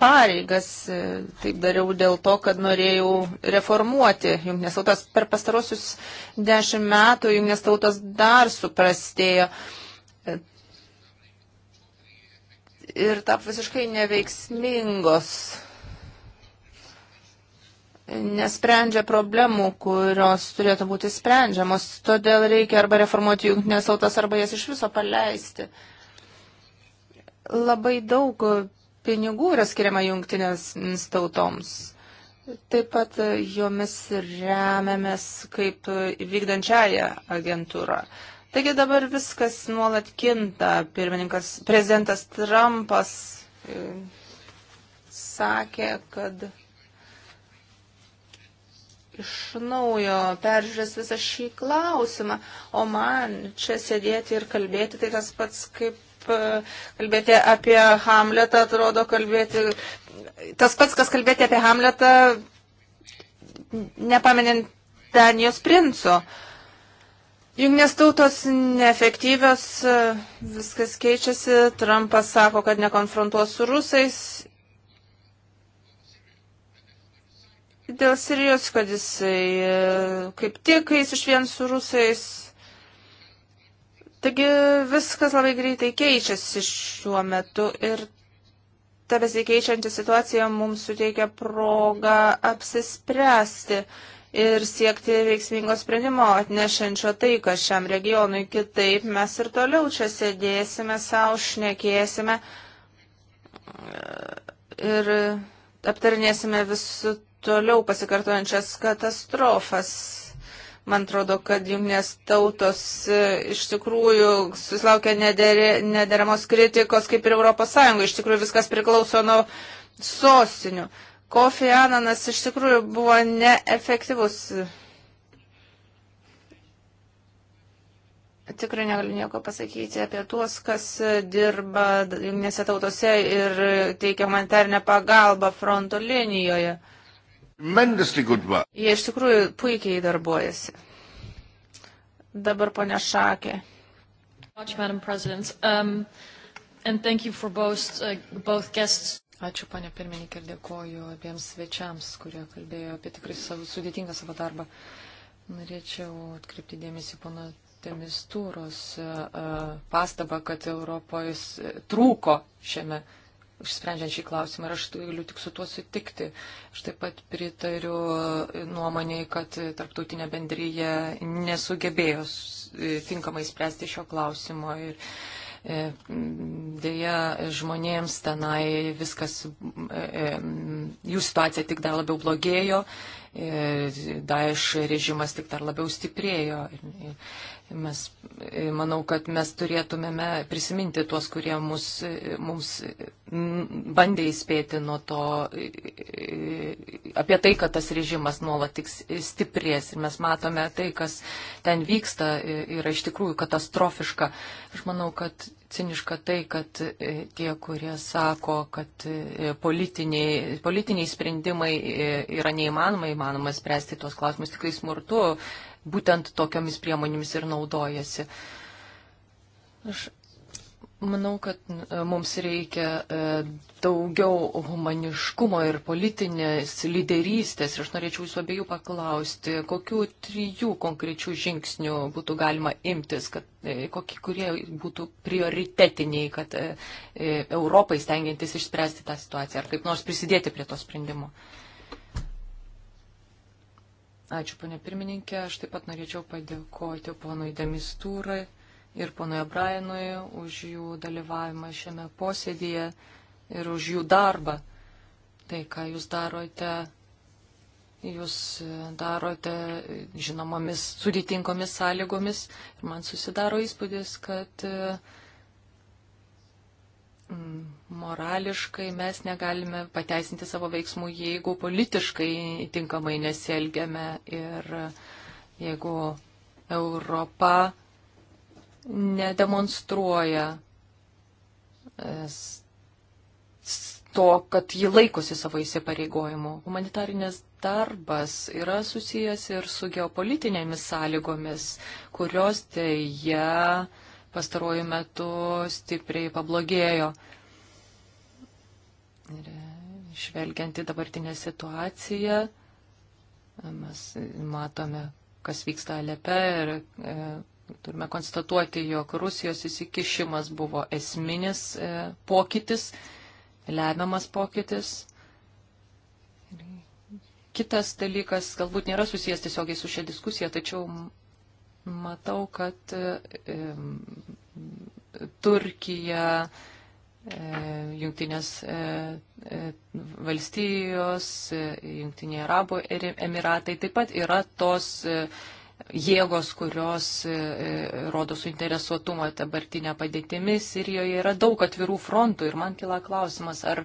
S1: pareigas, e, taip dariau dėl to, kad norėjau reformuoti jungtinės tautas. Per pastarosius dešimt metų jungtinės tautos dar suprastėjo e, ir tap visiškai neveiksmingos, nesprendžia problemų, kurios turėtų būti sprendžiamos. Todėl reikia arba reformuoti jungtinės tautas, arba jas iš viso paleisti. Labai daug pinigų yra skiriama jungtinės tautoms. Taip pat jomis remiamės kaip vykdančiaja agentūra. Taigi dabar viskas nuolat kinta. Pirmininkas prezidentas Trumpas e, sakė, kad iš naujo peržiūrės visą šį klausimą, o man čia sėdėti ir kalbėti, tai tas pats kaip e, kalbėti apie Hamletą, atrodo kalbėti, tas pats, kas kalbėti apie Hamletą, nepamenint Danijos princo. Uh, Jungtinės tautos neefektyvios, viskas keičiasi, Trumpas sako, kad nekonfrontuos su rusais. Dėl Sirijos, kad jisai kaip tik eis iš vien su rusais. Taigi viskas labai greitai keičiasi šiuo metu ir ta besikeičianti situacija mums suteikia progą apsispręsti ir siekti veiksmingo sprendimo atnešančio taiką šiam regionui. Kitaip mes ir toliau čia sėdėsime, savo šnekėsime e, ir aptarinėsime visų toliau pasikartojančias katastrofas. Man atrodo, kad jungtinės tautos e, iš tikrųjų susilaukia nederamos kritikos kaip ir ES. Iš tikrųjų viskas priklauso nuo sostinių. Kofi Ananas iš tikrųjų buvo neefektyvus. Tikrai negaliu nieko pasakyti apie tuos, kas dirba jungtinėse tautose ir teikia humanitarinę pagalbą fronto linijoje. Jie iš tikrųjų puikiai darbuojasi. Dabar ponia Šakė.
S2: Much, Madam President, um, and thank you for both, uh, both guests. Ačiū, panė pirmininkė, ir dėkoju abiems svečiams, kurie kalbėjo apie tikrai savo, sudėtingą savo darbą. Norėčiau atkreipti dėmesį pono Temistūros e, e, pastabą, kad Europos e, trūko šiame išsprendžiant šį klausimą ir aš galiu tik su tuo sutikti. Aš taip pat pritariu nuomonėj, kad tarptautinė bendryje nesugebėjo tinkamai spręsti šio klausimo ir E, dėja žmonėms tenai viskas, e, e, jų situacija tik dar labiau blogėjo, Daesh režimas tik dar labiau stiprėjo. Mes, e, manau, kad mes turėtumėme prisiminti tuos, kurie mus, e, mums bandė įspėti nuo to, e, apie tai, kad tas režimas nuolat tik stiprės. Ir mes matome tai, kas ten vyksta, yra iš tikrųjų katastrofiška. Aš manau, kad ciniška tai, kad tie, kurie sako, kad politiniai, politiniai sprendimai yra neįmanoma, įmanoma spręsti tuos klausimus tikrai smurtu, būtent tokiomis priemonėmis ir naudojasi. Aš manau, kad e, mums reikia e, daugiau humaniškumo ir politinės lyderystės. Ir aš norėčiau jūsų abiejų paklausti, kokiu trijų konkrečių žingsnių būtų galima imtis, kad, e, kokie, kurie būtų prioritetiniai, kad Europai stengiantis išspręsti tą situaciją ar kaip nors prisidėti prie to sprendimo. Uh, Ačiū, ponė pirmininkė. Aš taip pat norėčiau padėkoti ponui Demistūrai ir ponui Abrainui už jų dalyvavimą šiame posėdėje ir už jų darbą. Tai, ką jūs darote, jūs darote žinomomis sudėtingomis sąlygomis ir man susidaro įspūdis, kad uh, Mm, morališkai mes negalime pateisinti savo veiksmų, jeigu politiškai tinkamai nesielgiame ir jeigu Europa nedemonstruoja e, to, kad ji laikosi savo įsipareigojimų. Humanitarinės darbas yra susijęs ir su geopolitinėmis sąlygomis, kurios dėja. Tai pastaruoju metu stipriai pablogėjo. Ir išvelgianti e, dabartinę situaciją, mes matome, kas vyksta Alepe ir e, turime konstatuoti, jog Rusijos įsikišimas buvo esminis e, pokytis, lemiamas pokytis. Kitas dalykas, galbūt nėra susijęs tiesiogiai su šia diskusija, tačiau matau, kad e, Turkija, e, Junktinės e, e, valstijos, e, Junktiniai Arabo Emiratai taip pat yra tos e, jėgos, kurios rodo suinteresuotumą dabartinę padėtimį. Sirijoje yra daug atvirų frontų ir man kila klausimas, ar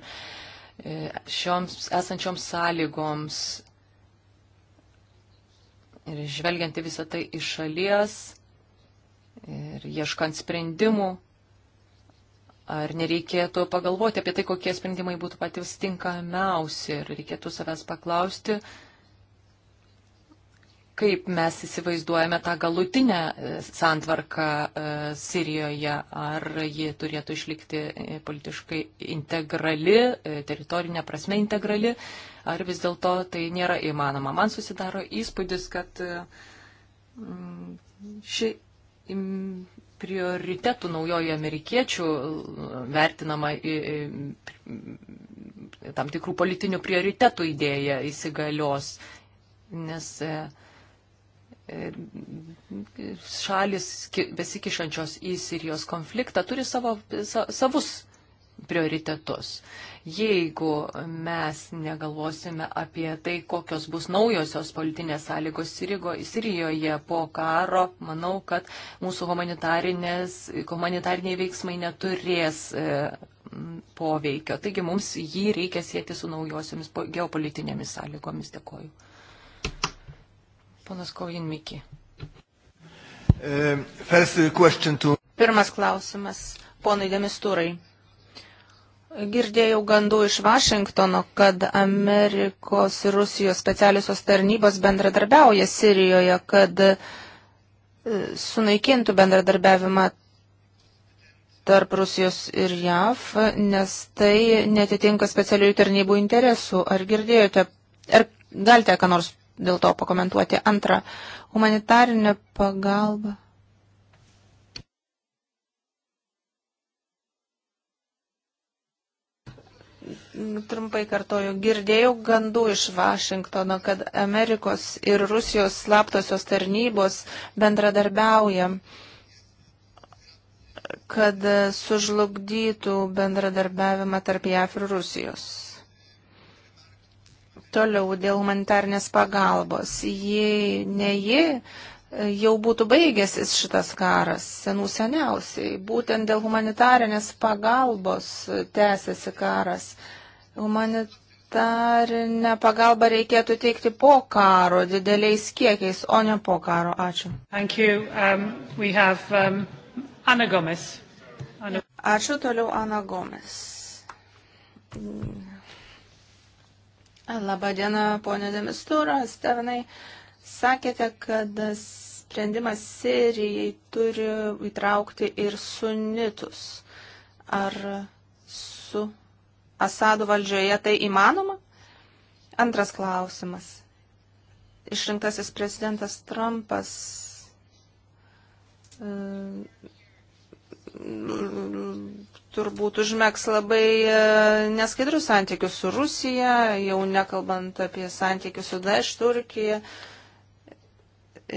S2: šioms esančioms sąlygoms Ir žvelgianti visą tai iš šalies ir ieškant sprendimų, ar nereikėtų pagalvoti apie tai, kokie sprendimai būtų patys tinkamiausi ir reikėtų savęs paklausti, kaip mes įsivaizduojame tą galutinę e, santvarką e, Sirijoje, ar ji turėtų išlikti e, politiškai integrali, teritorinė prasme integrali, ar vis dėlto tai nėra įmanoma. Man susidaro įspūdis, kad mm, ši prioritetų naujoji amerikiečių mm, vertinama į, į, tam tikrų politinių prioritetų idėja įsigalios, nes e, e, šalis besikišančios į Sirijos konfliktą turi savo, sa, savus prioritetus. Jeigu mes negalvosime apie tai, kokios bus naujosios politinės sąlygos Sirijoje po karo, manau, kad mūsų humanitariniai veiksmai neturės e, poveikio. Taigi mums jį reikia sėti su naujosiomis geopolitinėmis sąlygomis. Dėkoju. Ponas Kovin Miki. Um,
S1: Pirmas klausimas, ponai Demistūrai. Girdėjau gandų iš Vašingtono, kad Amerikos ir Rusijos specialiosios tarnybos bendradarbiauja Sirijoje, kad e, sunaikintų bendradarbiavimą tarp Rusijos ir JAV, nes tai netitinka specialiųjų tarnybų interesų. Ar girdėjote, ar galite ką nors dėl to pakomentuoti? Antra, humanitarinė pagalba trumpai kartoju, girdėjau gandų iš Vašingtono, kad Amerikos ir Rusijos slaptosios tarnybos bendradarbiauja, kad sužlugdytų bendradarbiavimą tarp JAF ir Rusijos. Toliau dėl humanitarnės pagalbos. Jei ne ji, jau būtų baigęsis šitas karas senų seniausiai. Būtent dėl humanitarinės pagalbos tęsiasi karas. Humanitarinę pagalbą reikėtų teikti po karo dideliais kiekiais, o ne po karo. Ačiū. Um, have, um, Ana Gomes. Ana... Ačiū toliau Ana Gomes. Labadiena, ponė Demistūra, Stevenai. Sakėte, kad sprendimas Sirijai turi įtraukti ir sunitus. Ar su Asado valdžioje tai įmanoma? Antras klausimas. Išrinktasis prezidentas Trumpas e, turbūt užmėgs labai e, neskaidrus santykius su Rusija, jau nekalbant apie santykius su Daesh Turkija.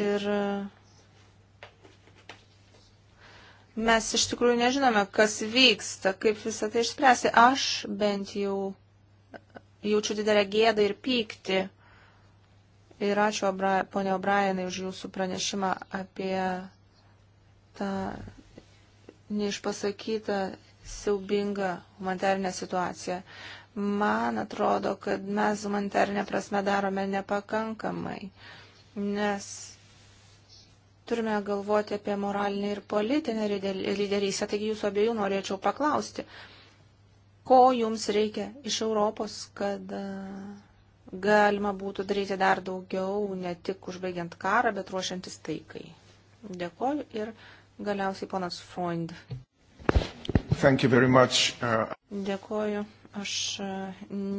S1: Ir e, mes iš tikrųjų nežinome, kas vyksta, kaip visą tai išspręsti. Aš bent jau jaučiu didelę gėdą ir pyktį. Ir ačiū, ponia O'Brienai, už jūsų pranešimą apie tą neišpasakytą siaubingą humanitarinę situaciją. Man atrodo, kad mes humanitarinę prasme darome nepakankamai, nes Turime galvoti apie moralinę ir politinę lyderystę, taigi jūsų abiejų norėčiau paklausti, ko jums reikia iš Europos, kad e, galima būtų daryti dar daugiau, ne tik užbaigiant karą, bet ruošiantis taikai. Dėkoju ir galiausiai ponas Freund.
S2: Thank you very much. Uh...
S1: Dėkoju. Aš e,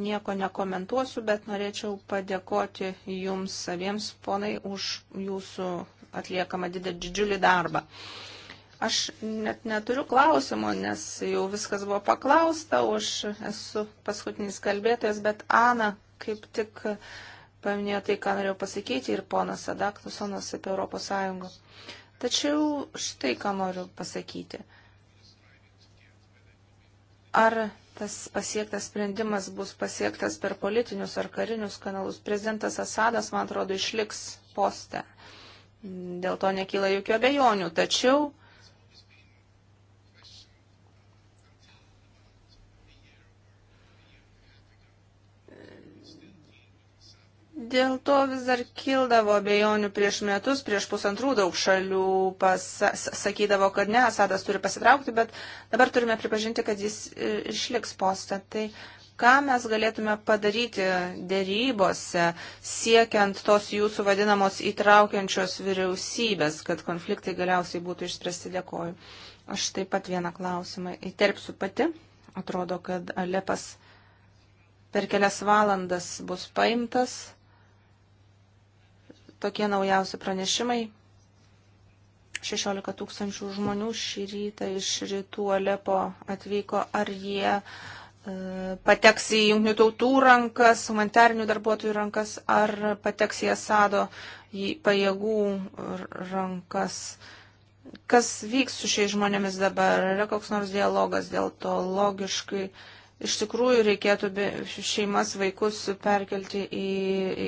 S1: nieko nekomentuosiu, bet norėčiau padėkoti jums abiems, ponai, už jūsų atliekamą didžiulį darbą. Aš net neturiu klausimų, nes jau viskas buvo paklausta, aš esu paskutinis kalbėtojas, bet Ana kaip tik paminėjo tai, ką norėjau pasakyti ir ponas Sadaktusonas apie Europos Sąjungą. Tačiau štai ką noriu pasakyti. Ar tas pasiektas sprendimas bus pasiektas per politinius ar karinius kanalus? Prezidentas Asadas, man atrodo, išliks poste. Dėl to nekyla jokių abejonių. Tačiau Dėl to vis dar kildavo bejonių prieš metus, prieš pusantrų daug šalių pas, sakydavo, kad ne, Asadas turi pasitraukti, bet dabar turime pripažinti, kad jis e, išliks postą. Tai ką mes galėtume padaryti dėrybose, siekiant tos jūsų vadinamos įtraukiančios vyriausybės, kad konfliktai galiausiai būtų išspręsti, dėkoju. Aš taip pat vieną klausimą įterpsiu pati. Atrodo, kad Alepas per kelias valandas bus paimtas Tokie naujausi pranešimai. 16 tūkstančių žmonių šį rytą iš rytų Alepo atvyko. Ar jie e, pateks į jungtinių tautų rankas, humanitarinių darbuotojų rankas, ar pateks į Asado į pajėgų rankas? Kas vyks su šiais žmonėmis dabar? Yra koks nors dialogas dėl to logiškai? E, iš tikrųjų reikėtų šeimas vaikus perkelti į,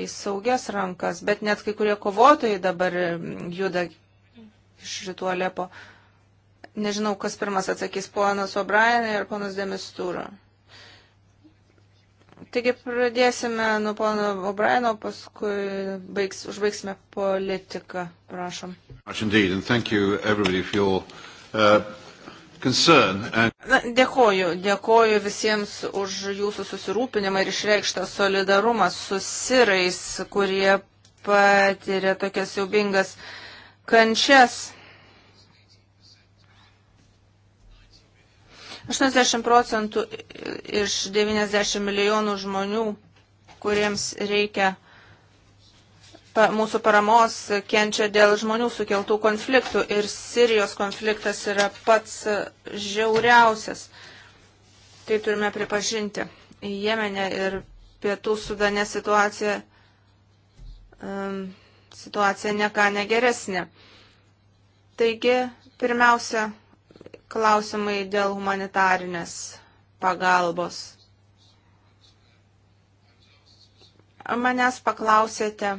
S1: į saugias rankas, bet net kai kurie kovotojai dabar juda iš rytų Alepo. Nežinau, kas pirmas atsakys, ponas O'Brien ir ponas Demistūro. Taigi pradėsime nuo pono O'Brieno, paskui baigs, užbaigsime politiką. Prašom. Much indeed, and thank you everybody for your uh, Na, dėkoju, dėkoju visiems už jūsų susirūpinimą ir išreikštą solidarumą su sirais, kurie patiria tokias siaubingas kančias. 80 procentų iš 90 milijonų žmonių, kuriems reikia pa, mūsų paramos kenčia dėl žmonių sukeltų konfliktų ir Sirijos konfliktas yra pats žiauriausias. Tai turime pripažinti. Jemenė ir pietų sudane situacija, um, situacija neką negeresnė. Taigi, pirmiausia, klausimai dėl humanitarinės pagalbos. Manęs paklausėte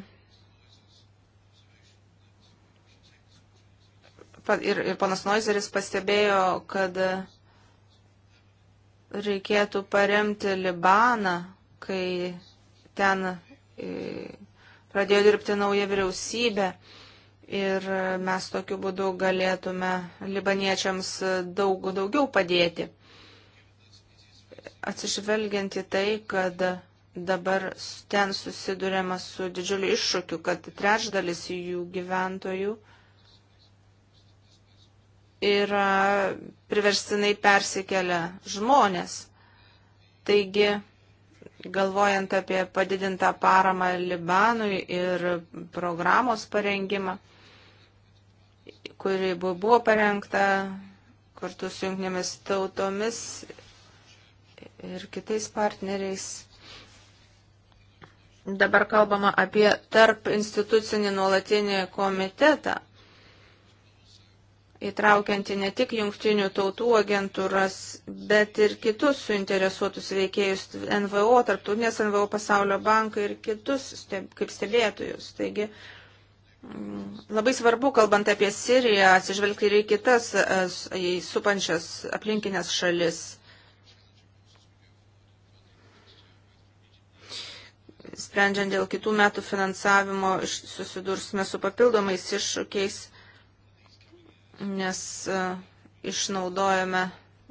S1: ir, ir panas Noizeris pastebėjo, kad reikėtų paremti Libaną, kai ten e, pradėjo dirbti nauja vyriausybė. Ir mes tokiu būdu galėtume libaniečiams daug daugiau padėti. Atsižvelgiant į tai, kad dabar ten susidurėma su didžiuliu iššūkiu, kad trečdalis jų gyventojų uh, yra priverstinai persikelia žmonės. Taigi, galvojant apie padidintą paramą Libanui ir programos parengimą, kuri buvo parengta kartu su jungtinėmis tautomis ir kitais partneriais. Dabar kalbama apie tarp institucinį nuolatinį komitetą, įtraukianti ne tik jungtinių tautų agentūras, bet ir kitus suinteresuotus veikėjus NVO, tarptautinės NVO pasaulio bankai ir kitus steb, kaip stebėtojus. Taigi mm, labai svarbu, kalbant apie Siriją, atsižvelgti ir į kitas e, į supančias aplinkinės šalis. Sprendžiant dėl kitų metų finansavimo, susidursime su papildomais iššūkiais nes e, išnaudojame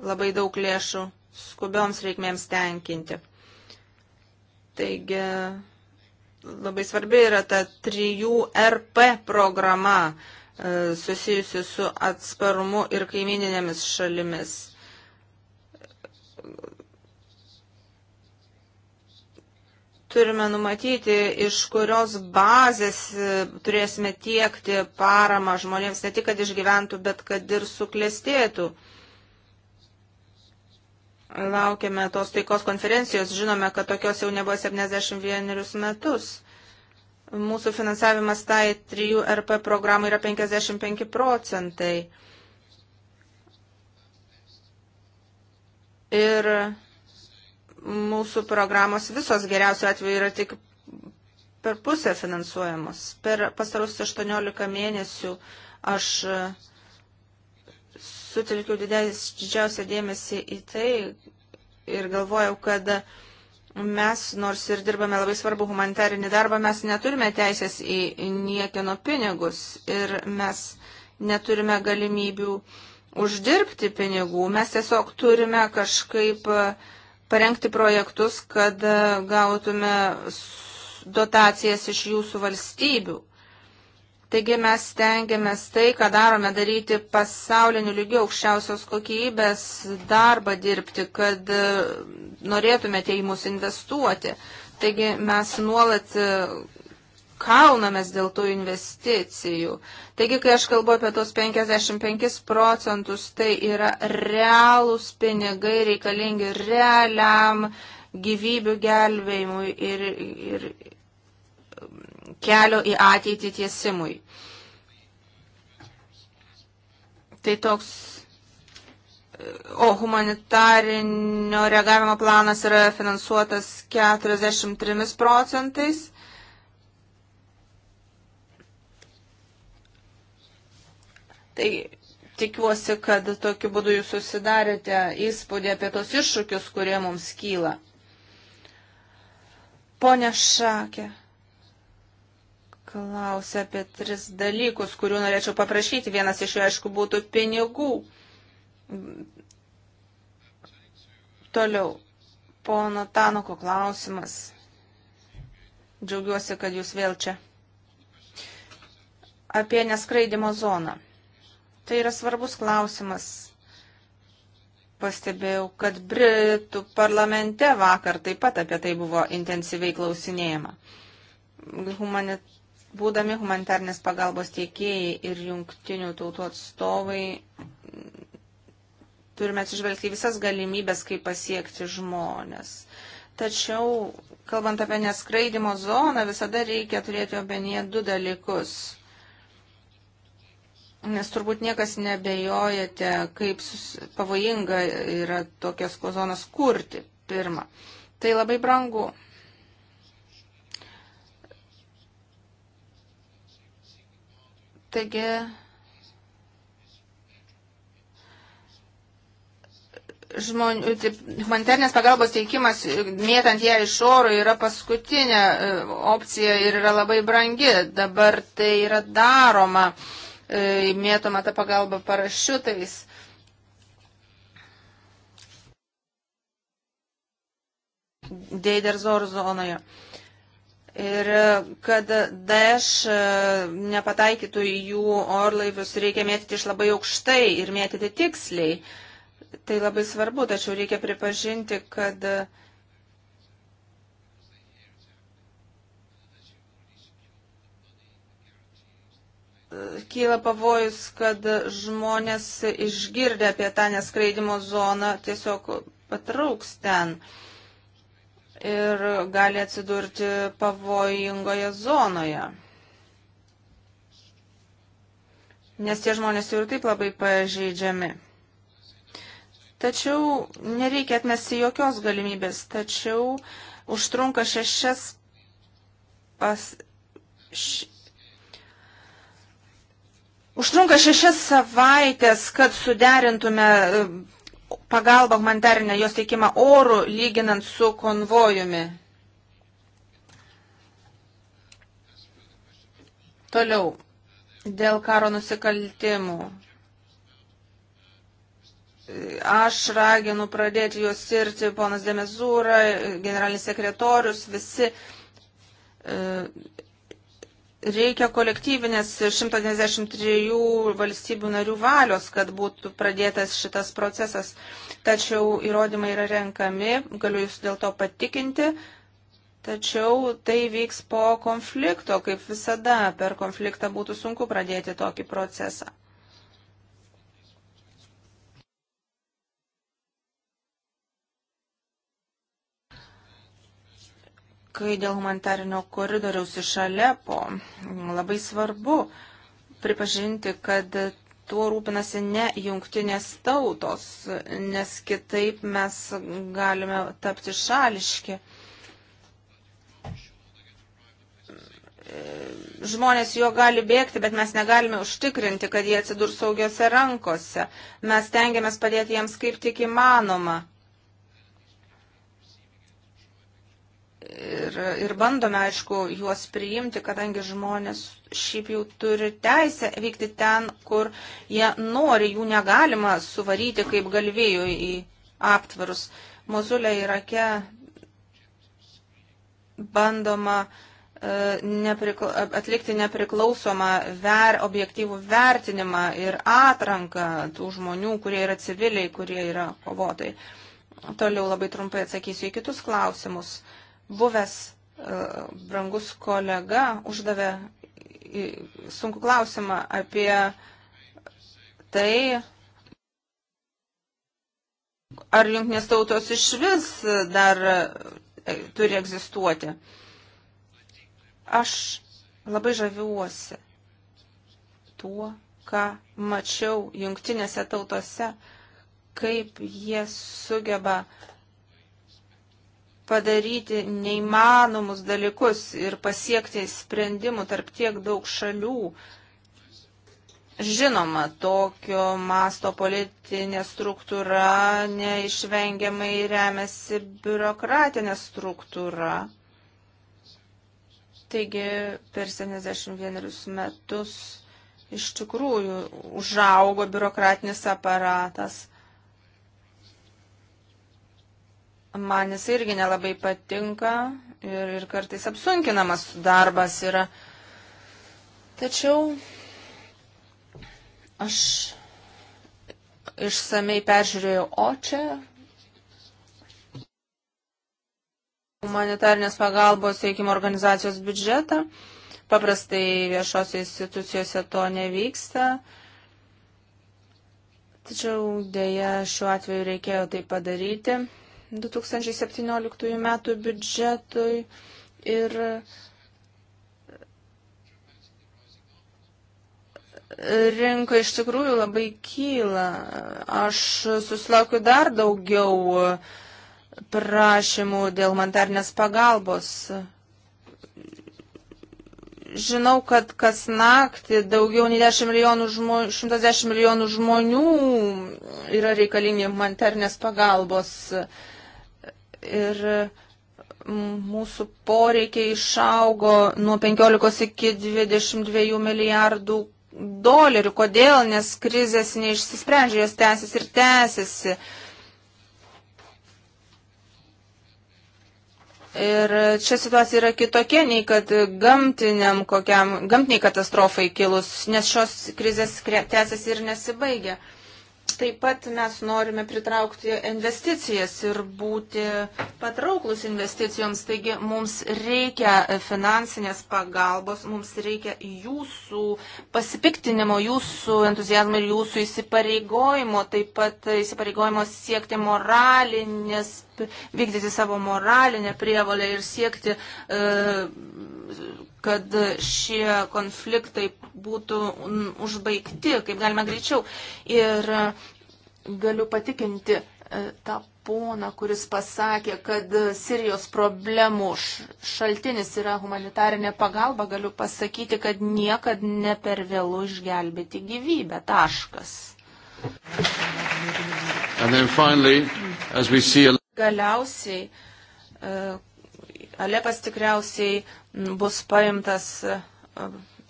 S1: labai daug lėšų skubioms reikmėms tenkinti. Taigi labai svarbi yra ta 3RP programa e, susijusi su atsparumu ir kaimininėmis šalimis. turime numatyti, iš kurios bazės e, turėsime tiekti paramą žmonėms, ne tik, kad išgyventų, bet kad ir suklestėtų. Laukiame tos taikos konferencijos, žinome, kad tokios jau nebuvo 71 metus. Mūsų finansavimas tai 3RP programai yra 55 procentai. Ir mūsų programos visos geriausiu atveju yra tik per pusę finansuojamos. Per pastarus 18 mėnesių aš e, sutelkiau didžiausią dėmesį į tai ir galvojau, kad mes, nors ir dirbame labai svarbu humanitarinį darbą, mes neturime teisės į niekieno pinigus ir mes neturime galimybių uždirbti pinigų. Mes tiesiog turime kažkaip uh, parengti projektus, kad e, gautume dotacijas iš jūsų valstybių. Taigi mes stengiamės tai, ką darome, daryti pasauliniu lygiu aukščiausios kokybės darbą dirbti, kad e, norėtumėte į mus investuoti. Taigi mes nuolat e, kaunamės dėl tų investicijų. Taigi, kai aš kalbu apie tos 55 procentus, tai yra realūs pinigai reikalingi realiam gyvybių gelbėjimui ir, ir kelio į ateitį tiesimui. Tai toks. O humanitarinio reagavimo planas yra finansuotas 43 procentais Tai tikiuosi, kad tokiu būdu jūs susidarėte įspūdį apie tos iššūkius, kurie mums kyla. Pone Šakė, klausia apie tris dalykus, kurių norėčiau paprašyti. Vienas iš jų, aišku, būtų pinigų. Toliau, pono Tanuko klausimas. Džiaugiuosi, kad jūs vėl čia. Apie neskraidimo zoną. Tai yra svarbus klausimas. Pastebėjau, kad Britų parlamente vakar taip pat apie tai buvo intensyviai klausinėjama. Humanit, būdami humanitarnės pagalbos tiekėjai ir jungtinių tautų atstovai, turime atsižvelgti visas galimybės, kaip pasiekti žmonės. Tačiau, kalbant apie neskraidimo zoną, visada reikia turėti omenyje du dalykus Nes turbūt niekas nebejojate, kaip pavojinga yra tokias kozonas kurti, pirmą. Tai labai brangu. Taigi, žmonių, taip, humanitarnės pagalbos teikimas, mėtant ją iš oro, yra paskutinė e, opcija ir yra labai brangi. Dabar tai yra daroma. Uh, E, mėtoma ta pagalba parašiutais. Deiderzor zonoje. Ir e, kad Daesh e, nepataikytų į jų orlaivius, reikia mėtyti iš labai aukštai ir mėtyti tiksliai. Tai labai svarbu, tačiau reikia pripažinti, kad uh, kyla pavojus, kad žmonės išgirdę apie tą neskraidimo zoną tiesiog patrauks ten ir gali atsidurti pavojingoje zonoje. Nes tie žmonės jau ir taip labai pažeidžiami. Tačiau nereikia atmesti jokios galimybės, tačiau užtrunka šešias pas, š, Užtrunka šešias savaitės, kad suderintume e, pagalbą humanitarinę jos teikimą orų, lyginant su konvojumi. Toliau, dėl karo nusikaltimų. Aš raginu pradėti juos tirti, ponas Demezūra, generalinis sekretorius, visi e, Reikia kolektyvinės 193 valstybių narių valios, kad būtų pradėtas šitas procesas, tačiau įrodymai yra renkami, galiu jūs dėl to patikinti, tačiau tai vyks po konflikto, kaip visada, per konfliktą būtų sunku pradėti tokį procesą. kai dėl humanitarinio koridoriaus iš Alepo. Labai svarbu pripažinti, kad tuo rūpinasi ne jungtinės tautos, nes kitaip mes galime tapti šališki. žmonės juo gali bėgti, bet mes negalime užtikrinti, kad jie atsidurs saugiose rankose. Mes tengiamės padėti jiems kaip tik įmanoma. ir, ir bandome, aišku, juos priimti, kadangi žmonės šiaip jau turi teisę vykti ten, kur jie nori, jų negalima suvaryti kaip galvėjų į aptvarus. Mozulė Irake bandoma e, neprikla, atlikti nepriklausomą ver, objektyvų vertinimą ir atranką tų žmonių, kurie yra civiliai, kurie yra kovotojai. Toliau labai trumpai atsakysiu į kitus klausimus buvęs e, brangus kolega uždavė sunku klausimą apie tai, ar jungtinės tautos iš vis dar e, turi egzistuoti. Aš labai žaviuosi tuo, ką mačiau jungtinėse tautose, kaip jie sugeba uh, padaryti neįmanomus dalykus ir pasiekti sprendimų tarp tiek daug šalių. Žinoma, tokio masto politinė struktūra neišvengiamai remiasi biurokratinė struktūra. Taigi per 71 metus iš tikrųjų užaugo biurokratinis aparatas man jis irgi nelabai patinka ir, ir kartais apsunkinamas darbas yra. Tačiau aš išsamei peržiūrėjau OČE, humanitarnės pagalbos teikimo organizacijos biudžetą. Paprastai viešose institucijose to nevyksta. Tačiau dėja šiuo atveju reikėjo tai padaryti. 2017 metų biudžetui ir e, rinka iš tikrųjų labai kyla. Aš susilaukiu dar daugiau e, prašymų dėl mantarnės pagalbos. Žinau, kad kas naktį daugiau nei 10 milijonų žmonių, 110 milijonų žmonių yra reikalingi mantarnės pagalbos. Uh, ir mūsų poreikiai išaugo nuo 15 iki 22 milijardų dolerių. Kodėl? Nes krizės neišsisprendžia, jos tęsis ir tęsiasi. Ir čia situacija yra kitokia nei kad gamtiniam kokiam, gamtiniai katastrofai kilus, nes šios krizės tęsiasi ir nesibaigia. Taip pat mes norime pritraukti investicijas ir būti patrauklus investicijoms, taigi mums reikia finansinės pagalbos, mums reikia jūsų pasipiktinimo, jūsų entuzijazmo ir jūsų įsipareigojimo, taip pat įsipareigojimo siekti moralinės, vykdyti savo moralinę prievalę ir siekti. Uh, kad šie konfliktai būtų užbaigti, kaip galima greičiau. Ir galiu patikinti e, tą poną, kuris pasakė, kad Sirijos problemų šaltinis yra humanitarinė pagalba, galiu pasakyti, kad niekad ne per vėlų išgelbėti gyvybę. Taškas. Finally, see... Galiausiai, e, Alepas tikriausiai bus paimtas e,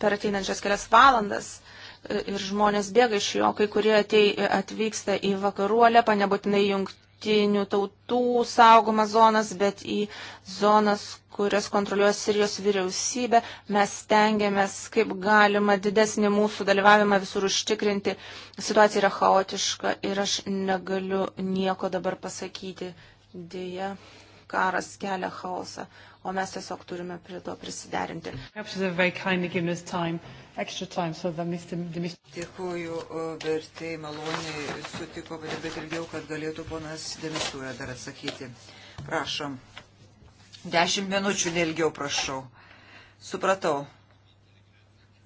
S1: per ateinančias kelias valandas e, ir žmonės bėga iš jo, kai kurie atei, atvyksta į vakarų Alepą, nebūtinai jungtinių tautų saugomas zonas, bet į zonas, kurias kontroliuoja Sirijos vyriausybė. Mes stengiamės, kaip galima didesnį mūsų dalyvavimą visur užtikrinti. Situacija yra chaotiška ir aš negaliu nieko dabar pasakyti. Dėja karas kelia chaosą, o mes tiesiog turime prie to prisiderinti.
S3: Dėkuoju, vertai maloniai sutiko padirbėti ilgiau, kad galėtų ponas Demisūra dar atsakyti. Prašom. Dešimt minučių nelgiau prašau. Supratau.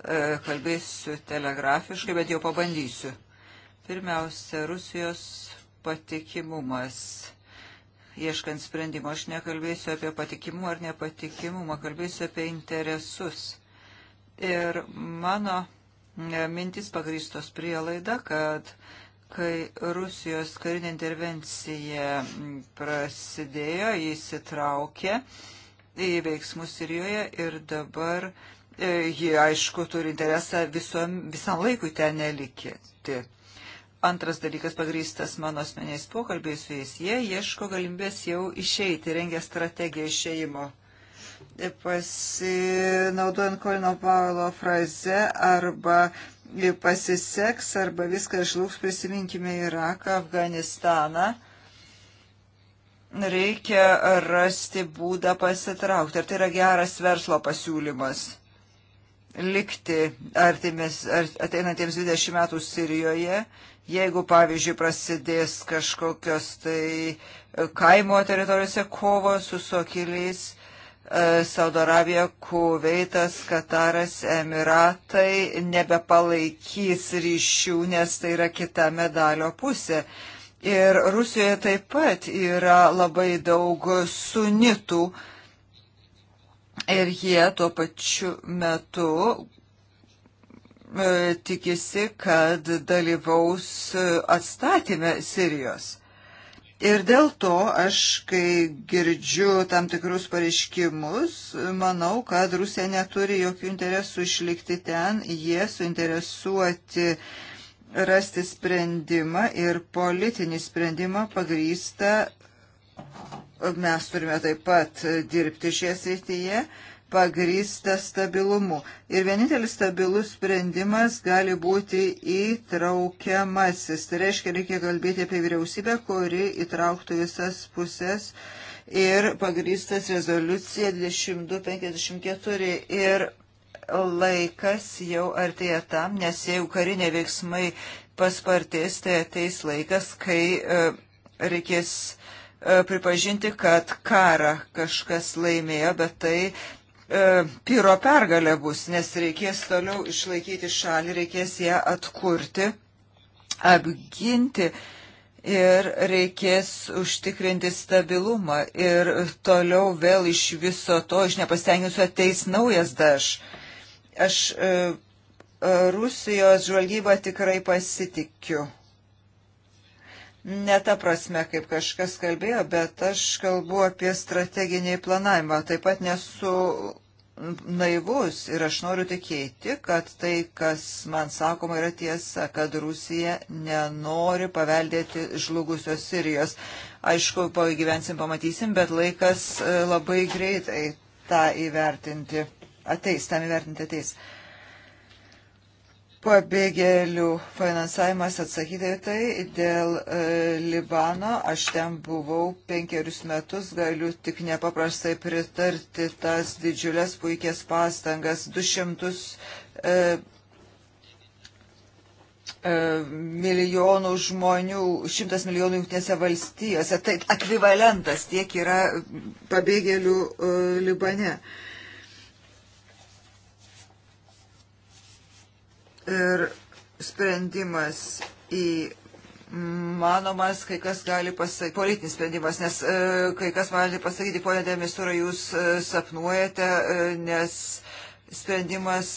S3: E, kalbėsiu telegrafiškai, bet jau pabandysiu. Pirmiausia, Rusijos patikimumas ieškant sprendimo. Aš nekalbėsiu apie patikimumą ar nepatikimumą, kalbėsiu apie interesus. Ir mano e, mintis pagrįstos prielaida, kad kai Rusijos karinė intervencija prasidėjo, jis įtraukė į veiksmus Sirijoje ir dabar e, ji, aišku, turi interesą visom, visam laikui ten nelikėti. Antras dalykas pagrįstas mano asmeniais pokalbiais su jais. Jie ieško galimybės jau išeiti, rengia strategiją išeimo. Pasinaudojant Kolino Paulo frazę arba pasiseks arba viskas žlugs, prisiminkime Iraką, Afganistaną reikia rasti būdą pasitraukti. Ar tai yra geras verslo pasiūlymas? Likti artimės, ar ateinantiems 20 metų Sirijoje Jeigu, pavyzdžiui, prasidės kažkokios tai e, kaimo teritorijose kovos su sokiliais, e, Saudo Arabija, Kuveitas, Kataras, Emiratai nebepalaikys ryšių, nes tai yra kita medalio pusė. Ir Rusijoje taip pat yra labai daug sunitų ir jie tuo pačiu metu E, tikisi, kad dalyvaus atstatymę Sirijos. Ir dėl to aš, kai girdžiu tam tikrus pareiškimus, manau, kad Rusija neturi jokių interesų išlikti ten, jie suinteresuoti rasti sprendimą ir politinį sprendimą pagrįstą. Mes turime taip pat dirbti šioje srityje pagrįsta stabilumu. Ir vienintelis stabilus sprendimas gali būti įtraukiamasis. Tai reiškia, reikia kalbėti apie vyriausybę, kuri įtrauktų visas pusės ir pagrįstas rezoliucija 2254. Ir laikas jau artėja tam, nes jeigu kariniai veiksmai paspartės, tai ateis laikas, kai e, reikės e, pripažinti, kad karą kažkas laimėjo, bet tai E, pyro pergalė bus, nes reikės toliau išlaikyti šalį, reikės ją atkurti, apginti ir reikės užtikrinti stabilumą. Ir toliau vėl iš viso to, iš nepastengiusiu, ateis naujas daž. Aš e, Rusijos žvalgybą tikrai pasitikiu. Ne ta prasme, kaip kažkas kalbėjo, bet aš kalbu apie strateginį planavimą. Taip pat nesu naivus ir aš noriu tikėti, kad tai, kas man sakoma, yra tiesa, kad Rusija nenori paveldėti žlugusios Sirijos. Aišku, pagyvensim, pamatysim, bet laikas e, labai greitai tą įvertinti ateis, tam įvertinti ateis. Uh, pabėgėlių finansavimas atsakyti tai dėl e, Libano. Aš ten buvau penkerius metus, galiu tik nepaprastai pritarti tas didžiulės puikias pastangas. 200 e, e, milijonų žmonių, 100 milijonų jungtinėse valstijose. Tai ekvivalentas tiek yra pabėgėlių e, Libane. E, ir sprendimas į manomas, kai kas gali pasakyti, politinis sprendimas, nes e, kai kas gali pasakyti, ponė Demisūra, jūs e, sapnuojate, e, nes sprendimas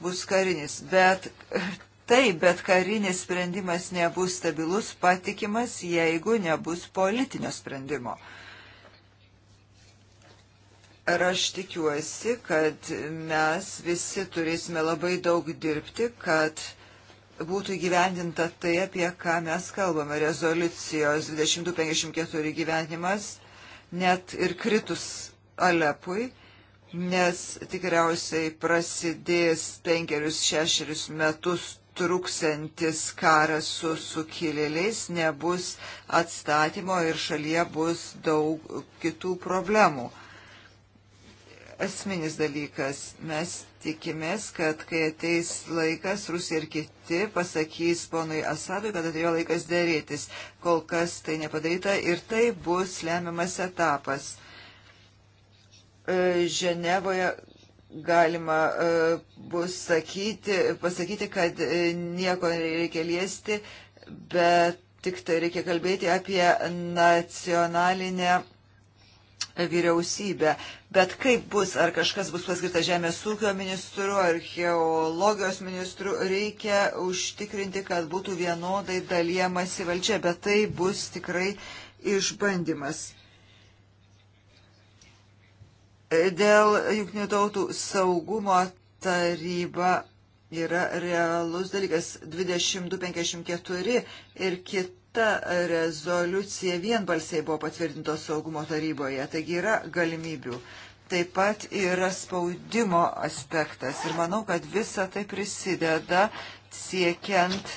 S3: bus karinis. Bet taip, bet karinis sprendimas nebus stabilus, patikimas, jeigu nebus politinio sprendimo. E, Ir aš tikiuosi, kad mes visi turėsime labai daug dirbti, kad būtų įgyvendinta tai, apie ką mes kalbame. Rezoliucijos 2254 gyvenimas net ir kritus Alepui, nes tikriausiai prasidės penkerius šešerius metus truksantis karas su sukilėliais, nebus atstatymo ir šalyje bus daug kitų problemų asmenis dalykas. Mes tikimės, kad kai ateis laikas, Rusija ir kiti pasakys ponui Asadui, kad atėjo laikas dėrėtis. Kol kas tai nepadaryta ir tai bus lemiamas etapas. E, Ženevoje galima e, bus sakyti, pasakyti, kad e, nieko nereikia liesti, bet tik tai reikia kalbėti apie nacionalinę vyriausybę. Bet kaip bus, ar kažkas bus paskirta žemės ūkio ministru, archeologijos ministru, reikia užtikrinti, kad būtų vienodai dalyjamasi valdžia, bet tai bus tikrai išbandymas. Dėl jungtinių tautų saugumo taryba yra realus dalykas 2254 ir kit Kita rezoliucija vienbalsiai buvo patvirtintos saugumo taryboje, taigi yra galimybių. Taip pat yra spaudimo aspektas ir manau, kad visa tai prisideda siekiant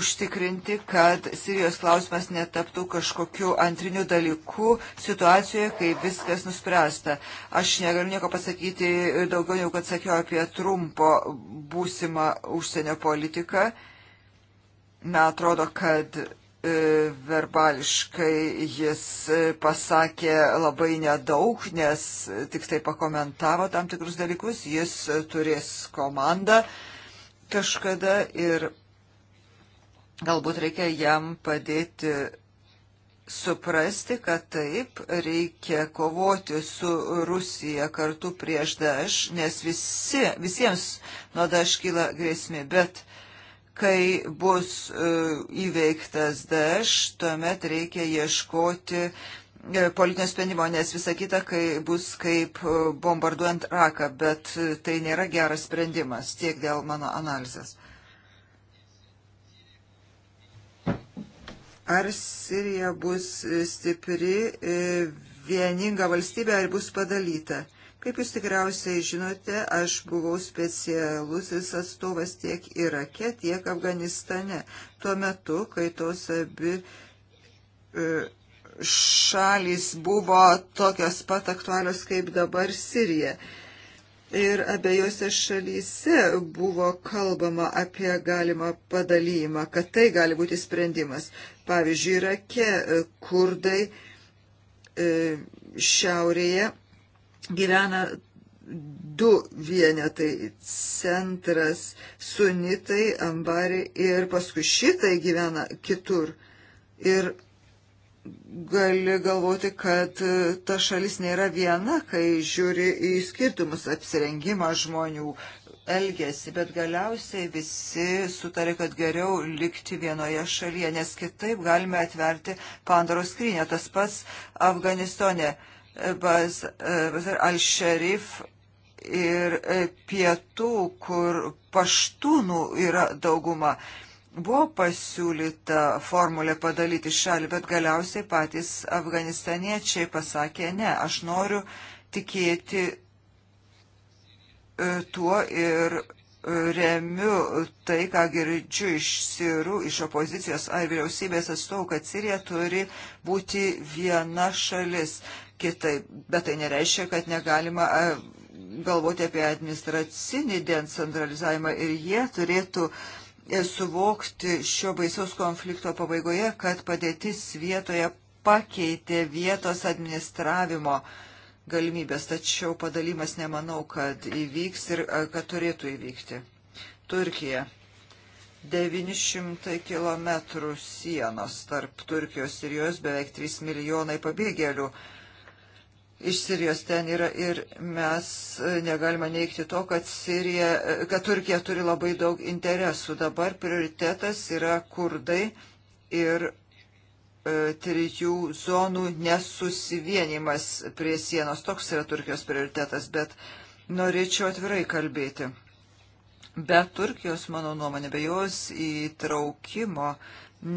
S3: užtikrinti, kad Sirijos klausimas netaptų kažkokiu antriniu dalyku situacijoje, kai viskas nuspręsta. Aš negaliu nieko pasakyti daugiau, negu kad sakiau apie Trumpo būsimą užsienio politiką. Man atrodo, kad E, verbališkai jis e, pasakė labai nedaug, nes tik tai pakomentavo tam tikrus dalykus, jis turės komandą kažkada ir galbūt reikia jam padėti suprasti, kad taip reikia kovoti su Rusija kartu prieš Daš, nes visi, visiems nuo Daš kyla grėsmė, bet Kai bus e, įveiktas DŠ, tuomet reikia ieškoti e, politinio sprendimo, nes visa kita kai bus kaip e, bombarduojant raką, bet tai nėra geras sprendimas tiek dėl mano analizės. Ar Sirija bus stipri, vieninga valstybė, ar bus padalyta? Kaip jūs tikriausiai žinote, aš buvau specialusis atstovas tiek Irake, tiek Afganistane. Tuo metu, kai tos abi e, šalys buvo tokios pat aktualios kaip dabar Sirija. Ir abiejose šalyse buvo kalbama apie galimą padalymą, kad tai gali būti sprendimas. Pavyzdžiui, Irake e, kurdai e, šiaurėje gyvena du vienetai - centras, sunitai, ambari ir paskui šitai gyvena kitur. Ir gali galvoti, kad ta šalis nėra viena, kai žiūri į skirtumus apsirengimą žmonių elgesį, bet galiausiai visi sutarė, kad geriau likti vienoje šalyje, nes kitaip galime atverti Pandoros skrynę. Tas pats Afganistone. Bazar e, al-Sharif ir e, pietų, kur paštūnų yra dauguma. Buvo pasiūlyta formulė padalyti šalį, bet galiausiai patys afganistaniečiai pasakė, ne, aš noriu tikėti e, tuo ir remiu tai, ką girdžiu iš sirų, iš opozicijos ar vyriausybės atstovų, kad Sirija turi būti viena šalis kitaip. Bet tai nereiškia, kad negalima galvoti apie administracinį decentralizavimą ir jie turėtų e, suvokti šio baisaus konflikto pabaigoje, kad padėtis vietoje pakeitė vietos administravimo galimybės, tačiau padalymas nemanau, kad įvyks ir kad turėtų įvykti. Turkija. 900 km sienos tarp Turkijos ir jos beveik 3 milijonai pabėgėlių iš Sirijos ten yra ir mes e, negalime neikti to, kad, Sirija, e, kad Turkija turi labai daug interesų. Dabar prioritetas yra kurdai ir e, trijų zonų nesusivienimas prie sienos. Toks yra Turkijos prioritetas, bet norėčiau atvirai kalbėti. Be Turkijos, mano nuomonė, be jos įtraukimo,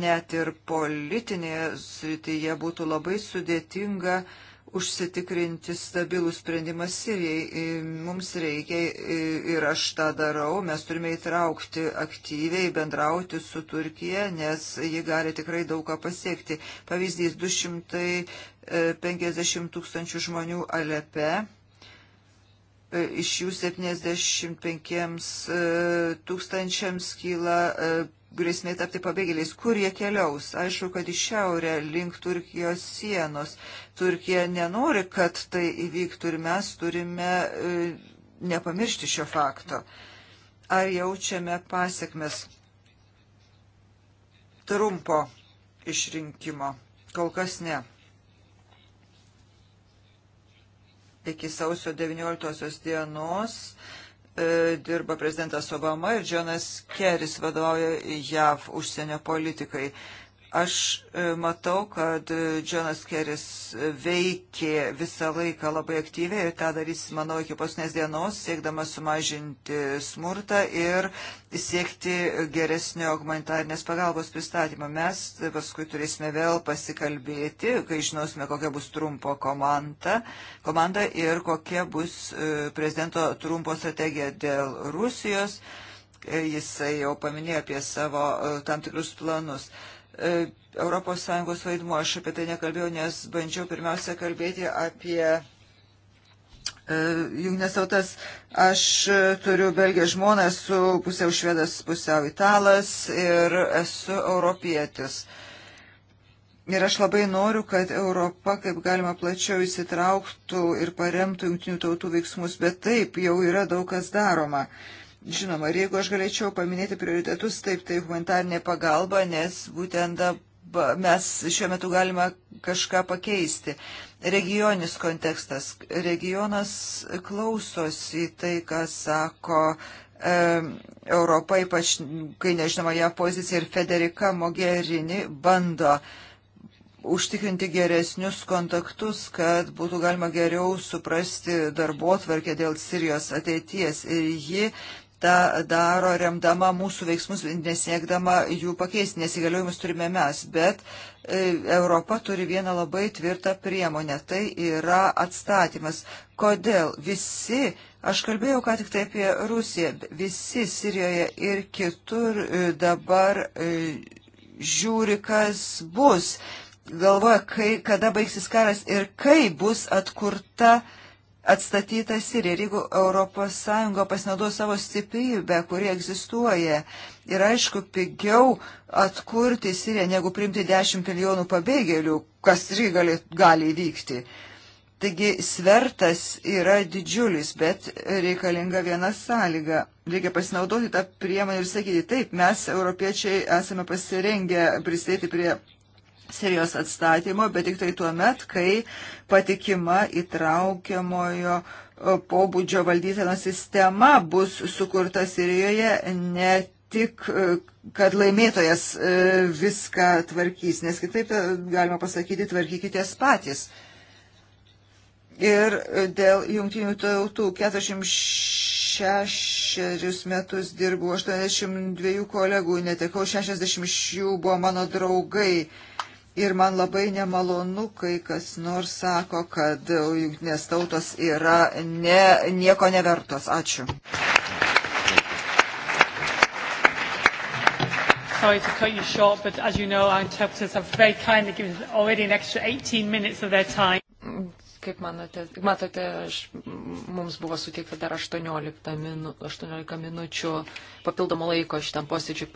S3: net ir politinėje srityje būtų labai sudėtinga uh, užsitikrinti stabilų sprendimą Sirijai. E, mums reikia e, ir aš tą darau, mes turime įtraukti aktyviai, bendrauti su Turkija, nes ji gali tikrai daug ką pasiekti. Pavyzdys 250 e, tūkstančių žmonių Alepe. Iš jų 75 tūkstančiams kyla grėsmė tapti pabėgėliais, kur jie keliaus. Aišku, kad į šiaurę link Turkijos sienos. Turkija nenori, kad tai įvyktų ir mes turime e, nepamiršti šio fakto. Ar jaučiame pasiekmes Trumpo išrinkimo? Kol kas ne. Iki sausio 19 dienos E, dirba prezidentas Obama ir Džonas Keris vadovauja JAV užsienio politikai. Aš e, matau, kad e, Jonas Keris veikė visą laiką labai aktyviai ir tą darys, manau, iki pasnės dienos, siekdamas sumažinti smurtą ir siekti geresnio humanitarnės pagalbos pristatymą. Mes paskui turėsime vėl pasikalbėti, kai žinosime, kokia bus Trumpo komanda, komanda ir kokia bus e, prezidento Trumpo strategija dėl Rusijos. Jisai jau paminėjo apie savo tam tikrus planus. ES vaidmuo. Aš apie tai nekalbėjau, nes bandžiau pirmiausia kalbėti apie e, jungnes tautas. Aš turiu belgę žmoną, esu pusiau švedas, pusiau italas ir esu europietis. Ir aš labai noriu, kad Europa kaip galima plačiau įsitrauktų ir paremtų jungtinių tautų veiksmus, bet taip jau yra daug kas daroma. Uh, Žinoma, ir jeigu aš galėčiau paminėti prioritetus, taip tai humanitarnė pagalba, nes būtent mes šiuo metu galime kažką pakeisti. Regionis kontekstas. Regionas klausosi tai, ką sako Europa, ypač kai nežinoma ją pozicija ir Federika Mogherini bando užtikrinti geresnius kontaktus, kad būtų galima geriau suprasti darbo tvarkę dėl Sirijos ateities. Ir ji tą daro remdama mūsų veiksmus, nesiekdama jų pakeisti, nes įgaliojimus turime mes, bet e, Europa turi vieną labai tvirtą priemonę, tai yra atstatymas. Kodėl visi, aš kalbėjau ką tik tai apie Rusiją, visi Sirijoje ir kitur e, dabar e, žiūri, kas bus, galvoja, kai, kada baigsis karas ir kai bus atkurta Europa atstatyta Sirija. Ir jeigu ES pasinaudos savo stiprybę, kuri egzistuoja, ir aišku, pigiau atkurti Siriją, negu priimti 10 milijonų pabėgėlių, kas irgi gali, gali įvykti. Taigi svertas yra didžiulis, bet reikalinga viena sąlyga. Reikia pasinaudoti tą priemonę ir sakyti, taip, mes, europiečiai, esame pasirengę prisidėti prie Sirijos atstatymo, bet tik tai tuo met, kai patikima įtraukiamojo e, pobūdžio valdysenos sistema bus sukurta Sirijoje, ne tik, e, kad laimėtojas e, viską tvarkys, nes kitaip galima pasakyti, tvarkykitės patys. Ir dėl jungtinių tautų 46 metus dirbau, 82 kolegų netekau, 60 iš jų buvo mano draugai Ir man labai nemalonu, kai kas nors sako, kad e, jungtinės tautos yra ne, nieko nevertos. Ačiū.
S2: Sorry to cut you short, but as you know, our interpreters have very kindly given already an extra 18 minutes of their time Kaip manote, matote, aš, mums buvo suteikta dar 18, minu, 18 minučių papildomo laiko šitam posėdžiui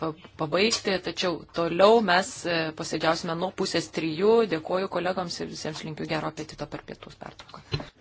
S2: pabaigti, tačiau toliau mes e, posėdžiausime nuo pusės trijų. Dėkuoju kolegoms ir visiems linkiu gero apetito per pietus pertrauką.